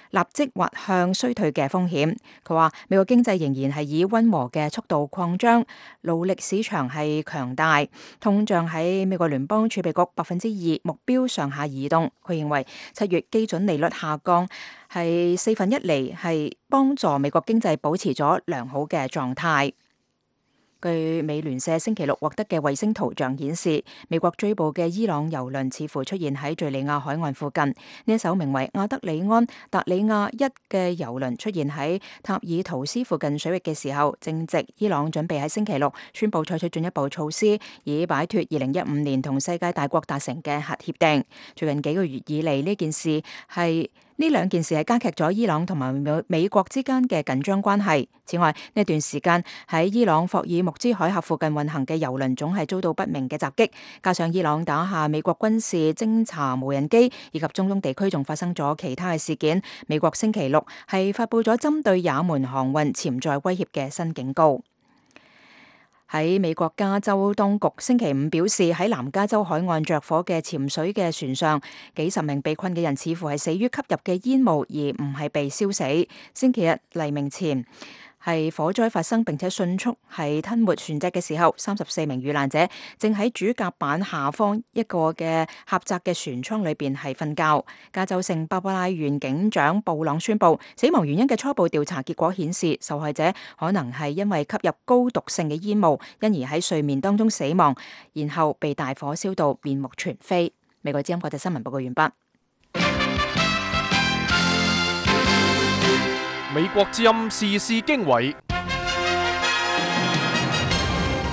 立即或向衰退嘅風險。佢話美國經濟仍然係以溫和嘅速度擴張，勞力市場係強大，通脹喺美國聯邦儲備局百分之二目標上下移動。佢認為七月基準利率下降。係四分一厘，係幫助美國經濟保持咗良好嘅狀態。據美聯社星期六獲得嘅衛星圖像顯示，美國追捕嘅伊朗油輪似乎出現喺敘利亞海岸附近。呢一艘名為亞德里安達里亞一嘅油輪出現喺塔爾圖斯附近水域嘅時候，正值伊朗準備喺星期六宣布採取進一步措施，以擺脱二零一五年同世界大國達成嘅核協定。最近幾個月以嚟，呢件事係。呢兩件事係加劇咗伊朗同埋美國之間嘅緊張關係。此外，呢段時間喺伊朗霍爾木茲海峽附近運行嘅油輪總係遭到不明嘅襲擊，加上伊朗打下美國軍事偵察無人機，以及中東地區仲發生咗其他嘅事件。美國星期六係發布咗針對也門航運潛在威脅嘅新警告。喺美國加州當局星期五表示，喺南加州海岸着火嘅潛水嘅船上，幾十名被困嘅人似乎係死於吸入嘅煙霧，而唔係被燒死。星期日黎明前，係火災發生並且迅速係吞沒船隻嘅時候，三十四名遇難者正喺主甲板下方一個嘅狹窄嘅船艙裏邊係瞓覺。加州聖巴巴拉縣警長布朗宣布，死亡原因嘅初步調查結果顯示，受害者可能係因為吸入高毒性嘅煙霧，因而喺睡眠當中死亡，然後被大火燒到面目全非。美國之音國際新聞報告完畢。
美國之音時事經緯，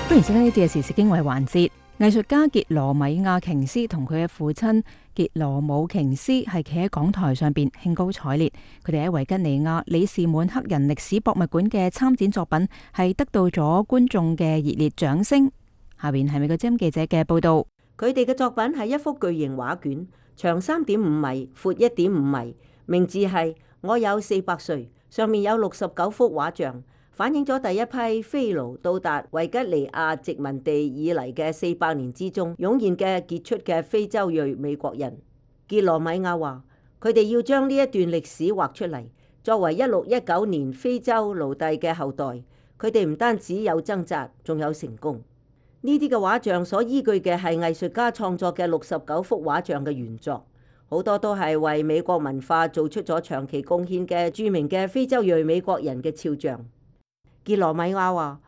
歡迎收聽呢節嘅時事經緯環節。藝術家傑羅米亞瓊斯同佢嘅父親傑羅姆瓊斯係企喺講台上邊興高采烈。佢哋喺維吉尼亞李士滿黑人歷史博物館嘅參展作品係得到咗觀眾嘅熱烈掌聲。下邊係美國之音記者嘅報道。
佢哋嘅作品係一幅巨型畫卷，長三點五米，闊一點五米，名字係《我有四百歲》。上面有六十九幅畫像，反映咗第一批非奴到達維吉尼亞殖民地以嚟嘅四百年之中湧現嘅傑出嘅非洲裔美國人。傑羅米亞話，佢哋要將呢一段歷史畫出嚟，作為一六一九年非洲奴隸嘅後代，佢哋唔單止有掙扎，仲有成功。呢啲嘅畫像所依據嘅係藝術家創作嘅六十九幅畫像嘅原作。好多都係為美國文化做出咗長期貢獻嘅著名嘅非洲裔美國人嘅肖像。杰羅米亞話：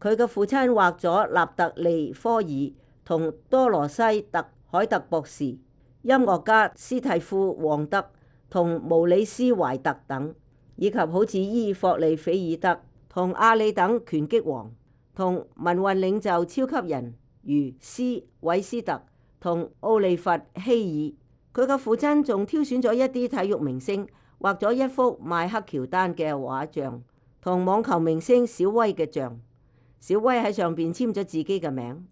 佢嘅父親畫咗納特利科爾同多羅西特海特博士、音樂家斯蒂夫・王德同毛里斯懷特等，以及好似伊霍利菲爾德同阿里等拳擊王，同民運領袖超級人如斯韋斯特同奧利弗希爾。佢嘅父親仲挑選咗一啲體育明星，畫咗一幅邁克喬丹嘅畫像，同網球明星小威嘅像。小威喺上邊簽咗自己嘅名。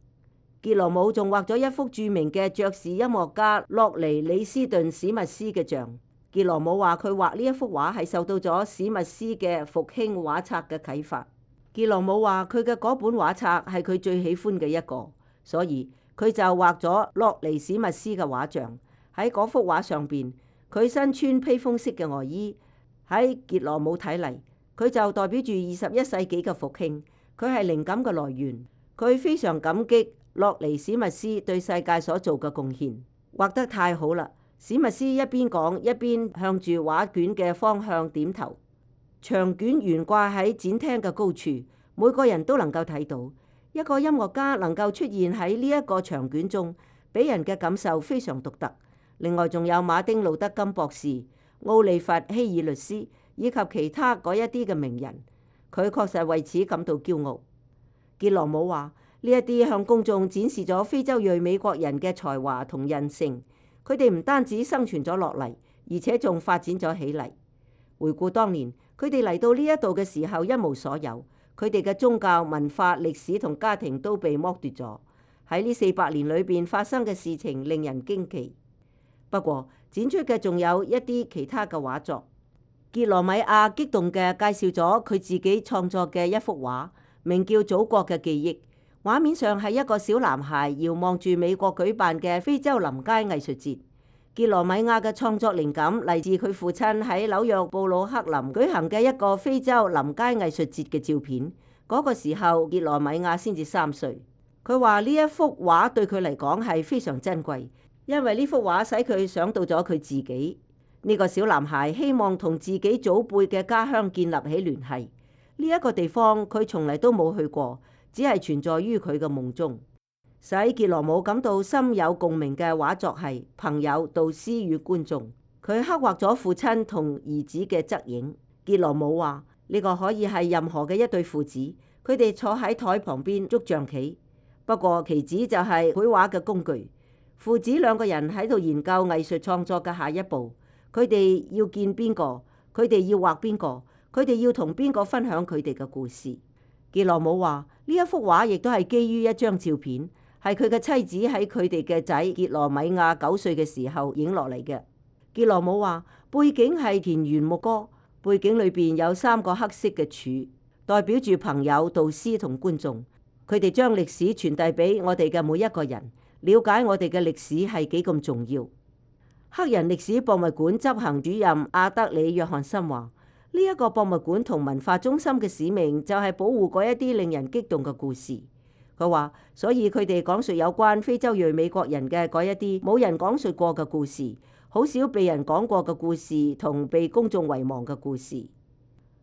傑羅姆仲畫咗一幅著名嘅爵士音樂家洛尼里斯頓史密斯嘅像。傑羅姆話：佢畫呢一幅畫係受到咗史密斯嘅復興畫冊嘅啟發。傑羅姆話：佢嘅嗰本畫冊係佢最喜歡嘅一個，所以佢就畫咗洛尼史密斯嘅畫像。喺嗰幅畫上邊，佢身穿披風式嘅外、呃、衣。喺傑羅姆睇嚟，佢就代表住二十一世紀嘅復興。佢係靈感嘅來源。佢非常感激洛尼史密斯對世界所做嘅貢獻，畫得太好啦！史密斯一邊講一邊向住畫卷嘅方向點頭。長卷懸掛喺展廳嘅高處，每個人都能夠睇到一個音樂家能夠出現喺呢一個長卷中，俾人嘅感受非常獨特。另外仲有馬丁路德金博士、奧利弗希爾律師以及其他嗰一啲嘅名人，佢確實為此感到驕傲。傑羅姆話：呢一啲向公眾展示咗非洲裔美國人嘅才華同人性，佢哋唔單止生存咗落嚟，而且仲發展咗起嚟。回顧當年，佢哋嚟到呢一度嘅時候一無所有，佢哋嘅宗教、文化、歷史同家庭都被剝奪咗。喺呢四百年裏邊發生嘅事情令人驚奇。不過展出嘅仲有一啲其他嘅畫作。傑羅米亞激動嘅介紹咗佢自己創作嘅一幅畫，名叫《祖國嘅記憶》。畫面上係一個小男孩遙望住美國舉辦嘅非洲臨街藝術節。傑羅米亞嘅創作靈感嚟自佢父親喺紐約布魯克林舉行嘅一個非洲臨街藝術節嘅照片。嗰個時候傑羅米亞先至三歲。佢話呢一幅畫對佢嚟講係非常珍貴。因為呢幅畫使佢想到咗佢自己，呢個小男孩希望同自己祖輩嘅家鄉建立起聯繫，呢一個地方佢從嚟都冇去過，只係存在於佢嘅夢中。使杰羅姆感到心有共鳴嘅畫作係《朋友導師與觀眾》，佢刻畫咗父親同兒子嘅側影。杰羅姆話呢個可以係任何嘅一對父子，佢哋坐喺台旁邊捉象棋，不過棋子就係繪畫嘅工具。父子兩個人喺度研究藝術創作嘅下一步，佢哋要見邊個，佢哋要畫邊個，佢哋要同邊個分享佢哋嘅故事。傑羅姆話：呢一幅畫亦都係基於一張照片，係佢嘅妻子喺佢哋嘅仔傑羅米亞九歲嘅時候影落嚟嘅。傑羅姆話：背景係田園牧歌，背景裏邊有三個黑色嘅柱，代表住朋友、導師同觀眾，佢哋將歷史傳遞俾我哋嘅每一個人。了解我哋嘅歷史係幾咁重要。黑人歷史博物館執行主任阿德里約翰森話，呢一個博物館同文化中心嘅使命就係保護嗰一啲令人激動嘅故事。佢話，所以佢哋講述有關非洲裔美國人嘅嗰一啲冇人講述過嘅故事，好少被人講過嘅故事同被公眾遺忘嘅故事。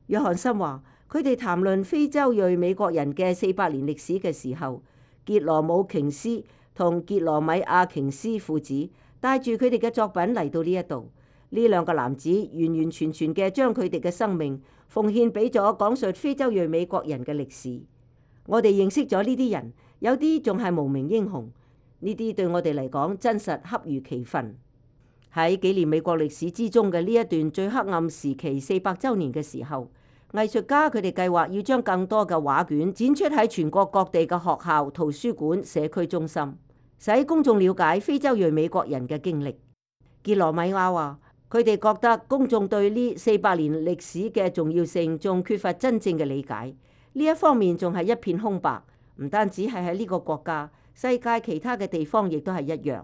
約翰森話，佢哋談論非洲裔美國人嘅四百年歷史嘅時候，傑羅姆瓊斯。同傑羅米阿瓊斯父子帶住佢哋嘅作品嚟到呢一度，呢兩個男子完完全全嘅將佢哋嘅生命奉獻俾咗講述非洲裔美國人嘅歷史。我哋認識咗呢啲人，有啲仲係無名英雄。呢啲對我哋嚟講真實恰如其分。喺紀念美國歷史之中嘅呢一段最黑暗時期四百周年嘅時候，藝術家佢哋計劃要將更多嘅畫卷展出喺全國各地嘅學校、圖書館、社區中心。使公眾了解非洲裔美國人嘅經歷，傑羅米亞話：佢哋覺得公眾對呢四百年歷史嘅重要性仲缺乏真正嘅理解，呢一方面仲係一片空白。唔單止係喺呢個國家，世界其他嘅地方亦都係一樣。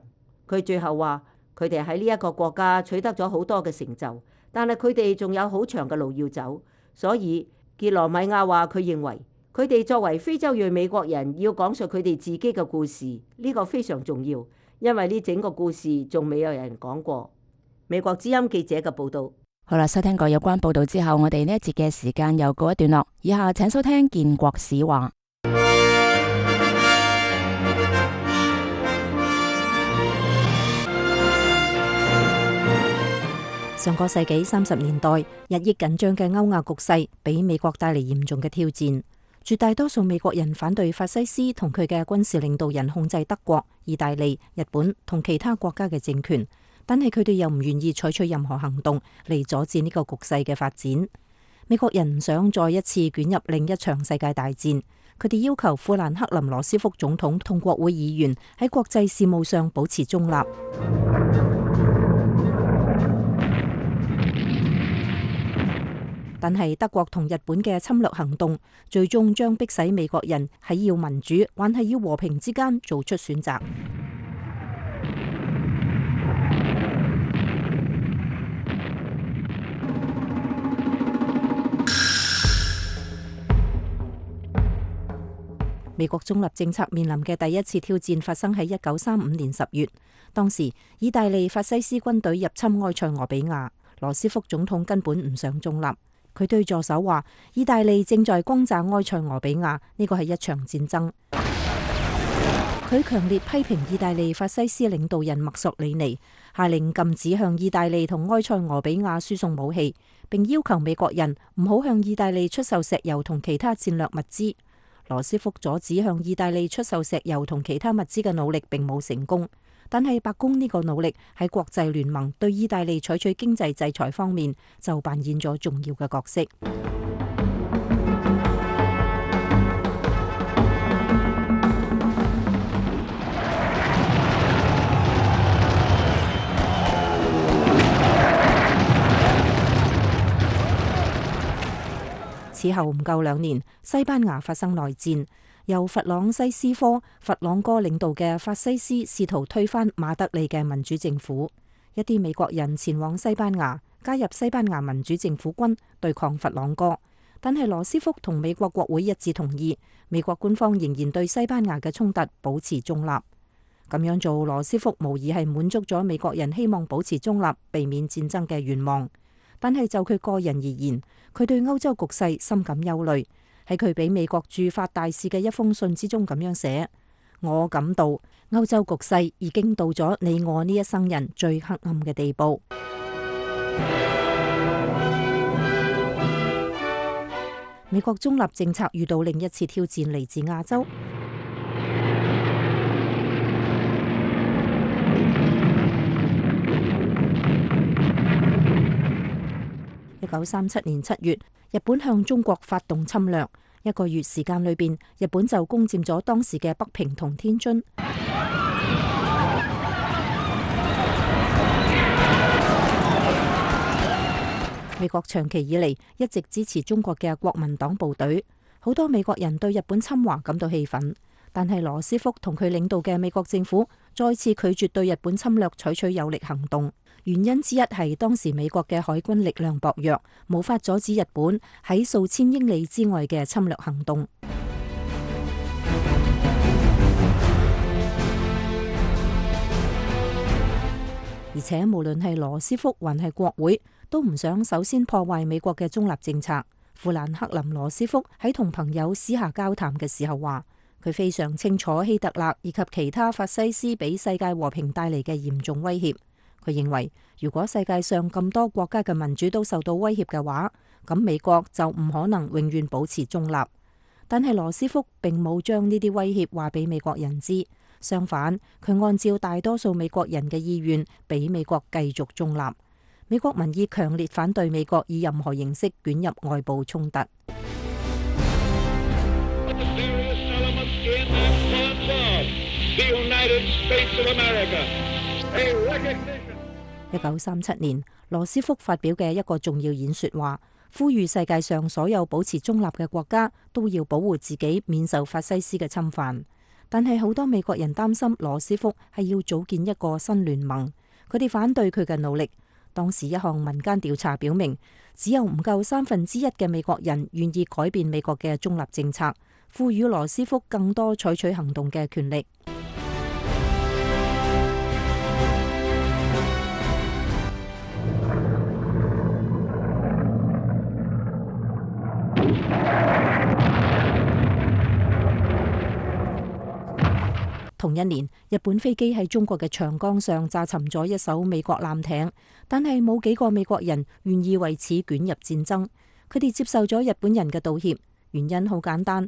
佢最後話：佢哋喺呢一個國家取得咗好多嘅成就，但係佢哋仲有好長嘅路要走。所以傑羅米亞話：佢認為。佢哋作為非洲裔美國人，要講述佢哋自己嘅故事，呢個非常重要，因為呢整個故事仲未有人講過。美國之音記者嘅報導。
好啦，收聽過有關報導之後，我哋呢一節嘅時間又告一段落。以下請收聽《建國史話》。
上個世紀三十年代日益緊張嘅歐亞局勢，畀美國帶嚟嚴重嘅挑戰。絕大多數美國人反對法西斯同佢嘅軍事領導人控制德國、意大利、日本同其他國家嘅政權，但係佢哋又唔願意採取任何行動嚟阻止呢個局勢嘅發展。美國人唔想再一次捲入另一場世界大戰，佢哋要求富蘭克林羅斯福總統同國會議員喺國際事務上保持中立。但係德國同日本嘅侵略行動，最終將迫使美國人喺要民主還係要和平之間做出選擇。美國中立政策面臨嘅第一次挑戰發生喺一九三五年十月，當時意大利法西斯軍隊入侵埃塞俄比亞，羅斯福總統根本唔想中立。佢對助手話，意大利正在轟炸埃塞俄比亞，呢個係一場戰爭。佢強烈批評意大利法西斯領導人墨索里尼，下令禁止向意大利同埃塞俄比亞輸送武器，並要求美國人唔好向意大利出售石油同其他戰略物資。羅斯福阻止向意大利出售石油同其他物資嘅努力，並冇成功。但係，白宮呢個努力喺國際聯盟對意大利採取經濟制裁方面，就扮演咗重要嘅角色。此後唔夠兩年，西班牙發生內戰。由弗朗西斯科·佛朗哥領導嘅法西斯試圖推翻馬德里嘅民主政府，一啲美國人前往西班牙加入西班牙民主政府軍對抗佛朗哥。但係羅斯福同美國國會一致同意，美國官方仍然對西班牙嘅衝突保持中立。咁樣做，羅斯福無疑係滿足咗美國人希望保持中立、避免戰爭嘅願望。但係就佢個人而言，佢對歐洲局勢深感憂慮。喺佢俾美國駐法大使嘅一封信之中咁樣寫：我感到歐洲局勢已經到咗你我呢一生人最黑暗嘅地步。美國中立政策遇到另一次挑戰，嚟自亞洲。一九三七年七月，日本向中國發動侵略。一個月時間裏邊，日本就攻佔咗當時嘅北平同天津。 美國長期以嚟一直支持中國嘅國民黨部隊，好多美國人對日本侵華感到氣憤，但係羅斯福同佢領導嘅美國政府再次拒絕對日本侵略採取有力行動。原因之一係當時美國嘅海軍力量薄弱，無法阻止日本喺數千英里之外嘅侵略行動。 而且，無論係羅斯福還係國會，都唔想首先破壞美國嘅中立政策。富蘭克林·羅斯福喺同朋友私下交談嘅時候話，佢非常清楚希特勒以及其他法西斯俾世界和平帶嚟嘅嚴重威脅。佢認為，如果世界上咁多國家嘅民主都受到威脅嘅話，咁美國就唔可能永遠保持中立。但係羅斯福並冇將呢啲威脅話俾美國人知，相反，佢按照大多數美國人嘅意願，俾美國繼續中立。美國民意強烈反對美國以任何形式捲入外部衝突。 一九三七年，羅斯福發表嘅一個重要演說，說，話呼籲世界上所有保持中立嘅國家都要保護自己免受法西斯嘅侵犯。但係好多美國人擔心羅斯福係要組建一個新聯盟，佢哋反對佢嘅努力。當時一項民間調查表明，只有唔夠三分之一嘅美國人願意改變美國嘅中立政策，賦予羅斯福更多採取行動嘅權力。同一年，日本飛機喺中國嘅長江上炸沉咗一艘美國艦艇，但係冇幾個美國人願意為此捲入戰爭。佢哋接受咗日本人嘅道歉，原因好簡單，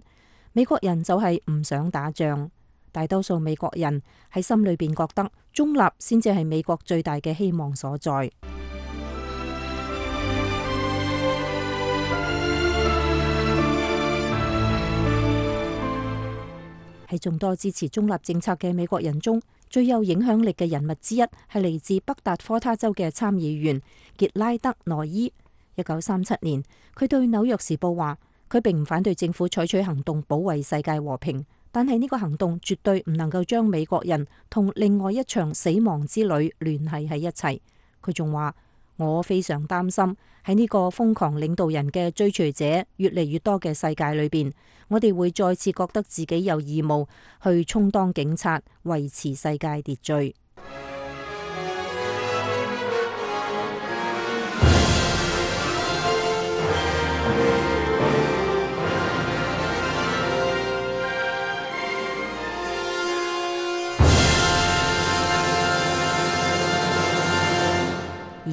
美國人就係唔想打仗。大多數美國人喺心裏邊覺得中立先至係美國最大嘅希望所在。係眾多支持中立政策嘅美國人中，最有影響力嘅人物之一，係嚟自北達科他州嘅參議員傑拉德奈伊。一九三七年，佢對紐約時報話：佢並唔反對政府採取行動保衛世界和平，但係呢個行動絕對唔能夠將美國人同另外一場死亡之旅聯繫喺一齊。佢仲話：我非常擔心喺呢個瘋狂領導人嘅追隨者越嚟越多嘅世界裏邊，我哋會再次覺得自己有義務去充當警察，維持世界秩序。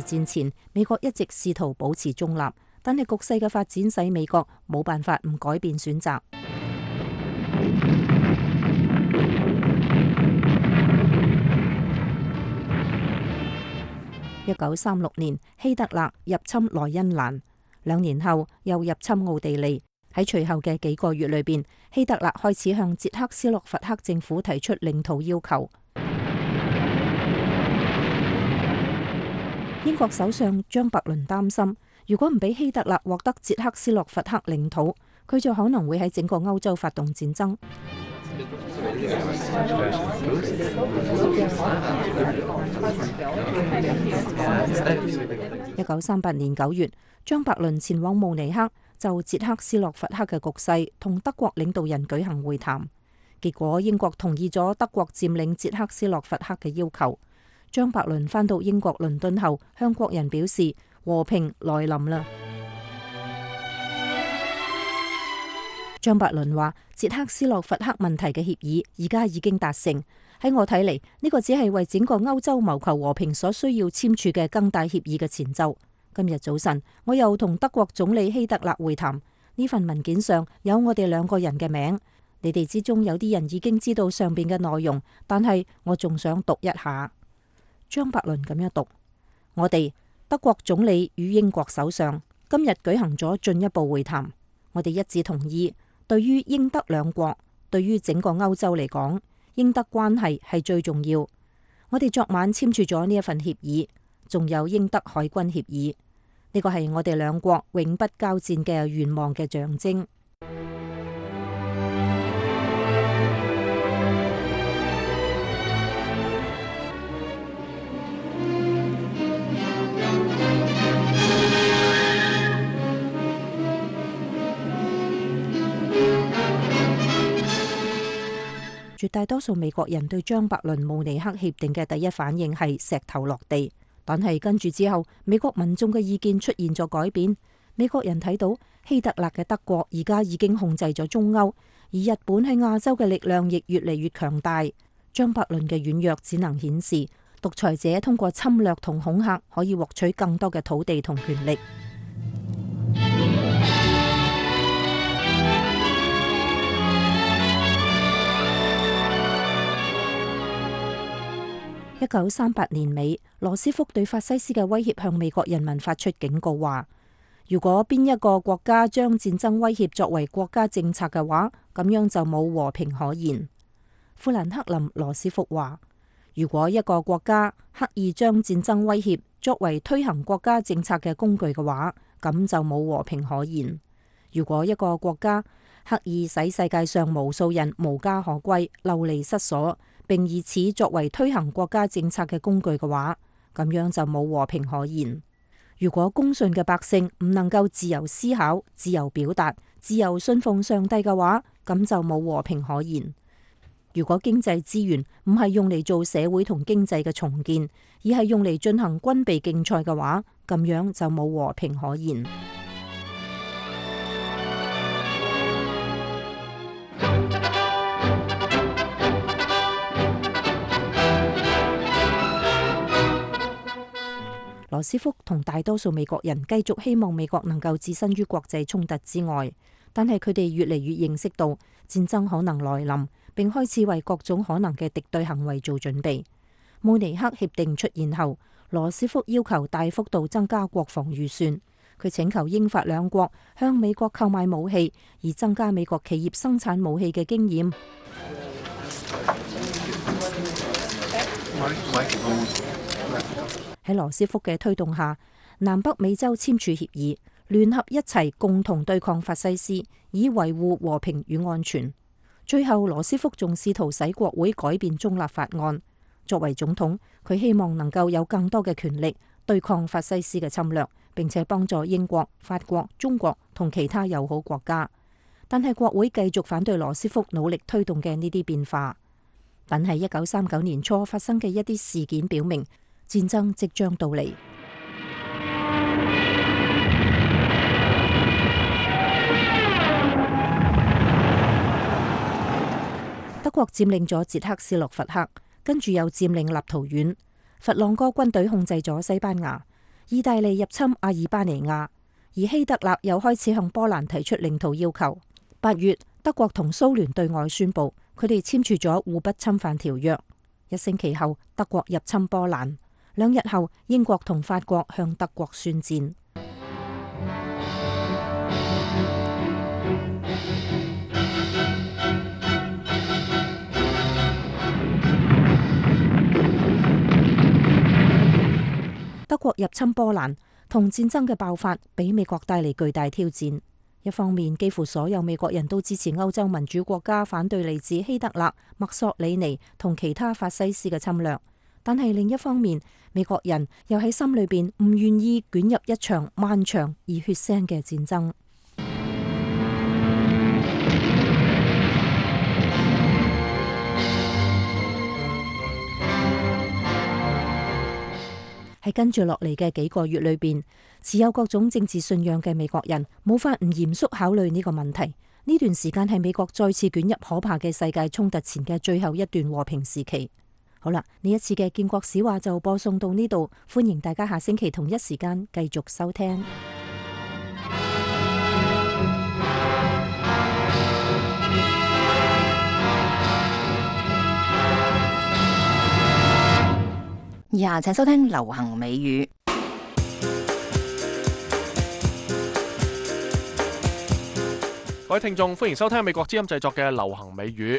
戰前，美國一直試圖保持中立，但係局勢嘅發展使美國冇辦法唔改變選擇。一九三六年，希特勒入侵萊茵蘭，兩年後又入侵奧地利。喺隨後嘅幾個月裏邊，希特勒開始向捷克斯洛伐克政府提出領土要求。英國首相張伯倫擔心，如果唔俾希特勒獲得捷克斯洛伐克領土，佢就可能會喺整個歐洲發動戰爭。一九三八年九月，張伯倫前往慕尼克，就捷克斯洛伐克嘅局勢同德國領導人舉行會談，結果英國同意咗德國佔領捷克斯洛伐克嘅要求。張伯倫翻到英國倫敦後，向國人表示，和平來臨啦。張伯倫話：捷克斯洛伐克問題嘅協議而家已經達成，喺我睇嚟，呢個只係為整個歐洲謀求和平所需要簽署嘅更大協議嘅前奏。今日早晨我又同德國總理希特勒會談，呢份文件上有我哋兩個人嘅名。你哋之中有啲人已經知道上邊嘅內容，但係我仲想讀一下。張伯倫咁樣讀，我哋德國總理與英國首相今日舉行咗進一步會談，我哋一致同意，對於英德兩國，對於整個歐洲嚟講，英德關係係最重要。我哋昨晚簽署咗呢一份協議，仲有英德海軍協議，呢個係我哋兩國永不交戰嘅願望嘅象徵。絕大多數美國人對張伯倫慕尼克協定嘅第一反應係石頭落地，但係跟住之後，美國民眾嘅意見出現咗改變。美國人睇到希特勒嘅德國而家已經控制咗中歐，而日本喺亞洲嘅力量亦越嚟越強大。張伯倫嘅軟弱只能顯示，獨裁者通過侵略同恐嚇可以獲取更多嘅土地同權力。一九三八年尾，羅斯福對法西斯嘅威脅向美國人民發出警告：話如果邊一個國家將戰爭威脅作為國家政策嘅話，咁樣就冇和平可言。富蘭克林·羅斯福話：如果一個國家刻意將戰爭威脅作為推行國家政策嘅工具嘅話，咁就冇和平可言。如果一個國家刻意使世界上無數人無家可歸、流離失所。並以此作為推行國家政策嘅工具嘅話，咁樣就冇和平可言。如果公信嘅百姓唔能夠自由思考、自由表達、自由信奉上帝嘅話，咁就冇和平可言。如果經濟資源唔係用嚟做社會同經濟嘅重建，而係用嚟進行軍備競賽嘅話，咁樣就冇和平可言。羅斯福同大多數美國人繼續希望美國能夠置身於國際衝突之外，但係佢哋越嚟越認識到戰爭可能來臨，並開始為各種可能嘅敵對行為做準備。慕尼黑協定出現後，羅斯福要求大幅度增加國防預算，佢請求英法兩國向美國購買武器，而增加美國企業生產武器嘅經驗。Okay. 喺羅斯福嘅推動下，南北美洲簽署協議，聯合一齊共同對抗法西斯，以維護和平與安全。最後，羅斯福仲試圖使國會改變中立法案。作為總統，佢希望能夠有更多嘅權力對抗法西斯嘅侵略，並且幫助英國、法國、中國同其他友好國家。但係國會繼續反對羅斯福努力推動嘅呢啲變化。但係一九三九年初發生嘅一啲事件表明。戰爭即將到嚟，
德
國佔領咗捷克斯洛伐克，跟住又佔領立陶宛。佛朗哥軍隊控制咗西班牙，意大利入侵阿爾巴尼亞，而希特勒又開始向波蘭提出領土要求。八月，德國同蘇聯對外宣布，佢哋簽署咗互不侵犯條約。一星期後，德國入侵波蘭。兩日後，英國同法國向德國宣戰。德國入侵波蘭同戰爭嘅爆發，俾美國帶嚟巨大挑戰。一方面，幾乎所有美國人都支持歐洲民主國家反對來自希特勒、墨索里尼同其他法西斯嘅侵略；但係另一方面，美國人又喺心裏邊唔願意捲入一場漫長而血腥嘅戰爭。喺 跟住落嚟嘅幾個月裏邊，持有各種政治信仰嘅美國人冇法唔嚴肅考慮呢個問題。呢段時間係美國再次捲入可怕嘅世界衝突前嘅最後一段和平時期。好啦，呢一次嘅《建國史話》就播送到呢度，歡迎大家下星期同一時間繼續收聽。
以下請收聽流
行美語。各位聽眾，歡迎收聽美國之音製作嘅《流行美語》。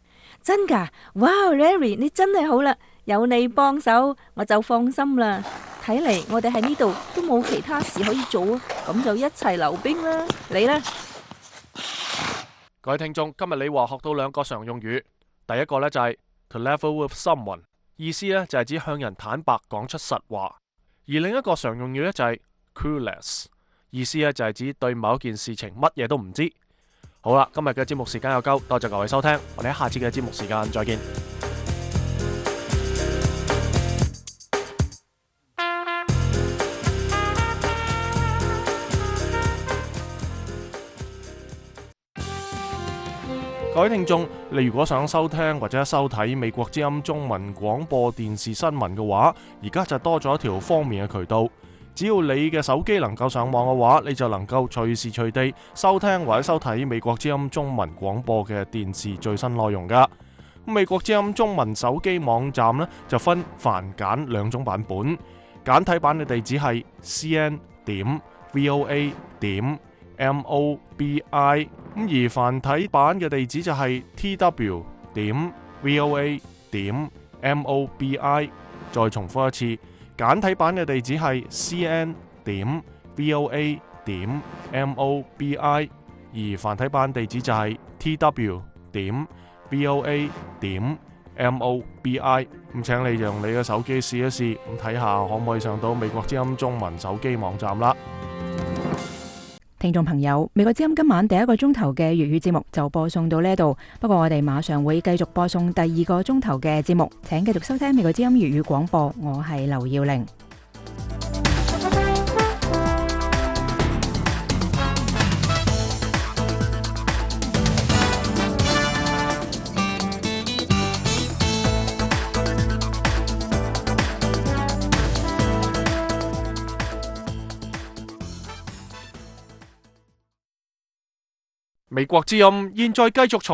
真噶，哇，Larry，你真係好啦，有你幫手我就放心啦。睇嚟我哋喺呢度都冇其他事可以做啊，咁就一齊溜冰啦。你呢，各
位聽眾，今日你話學到兩個常用語，第一個呢就係 to level with someone，意思呢就係指向人坦白講出實話；而另一個常用語呢就係 clueless，意思呢就係指對某件事情乜嘢都唔知。好啦，今日嘅節目時間又夠，多謝各位收聽，我哋下次嘅節目時間再見。各位聽眾，你如果想收聽或者收睇美國之音中文廣播電視新聞嘅話，而家就多咗一條方便嘅渠道。只要你嘅手機能夠上網嘅話，你就能夠隨時隨地收聽或者收睇美國之音中文廣播嘅電視最新內容㗎。美國之音中文手機網站呢，就分繁簡兩種版本，簡體版嘅地址係 cn 點 voa 點 mobi，而繁體版嘅地址就係 tw 點 voa 點 mobi。再重複一次。簡體版嘅地址係 cn 點 voa 點 mobi，而繁體版地址就係 tw 點 voa 點 mobi。咁請你用你嘅手機試一試，咁睇下可唔可以上到美國之音中文手機網站啦。
聽眾朋友，美國之音今晚第一個鐘頭嘅粵語節目就播送到呢度。不過我哋馬上會繼續播送第二個鐘頭嘅節目，請繼續收聽美國之音粵語廣播。我係劉耀玲。
美國之音現在繼續從。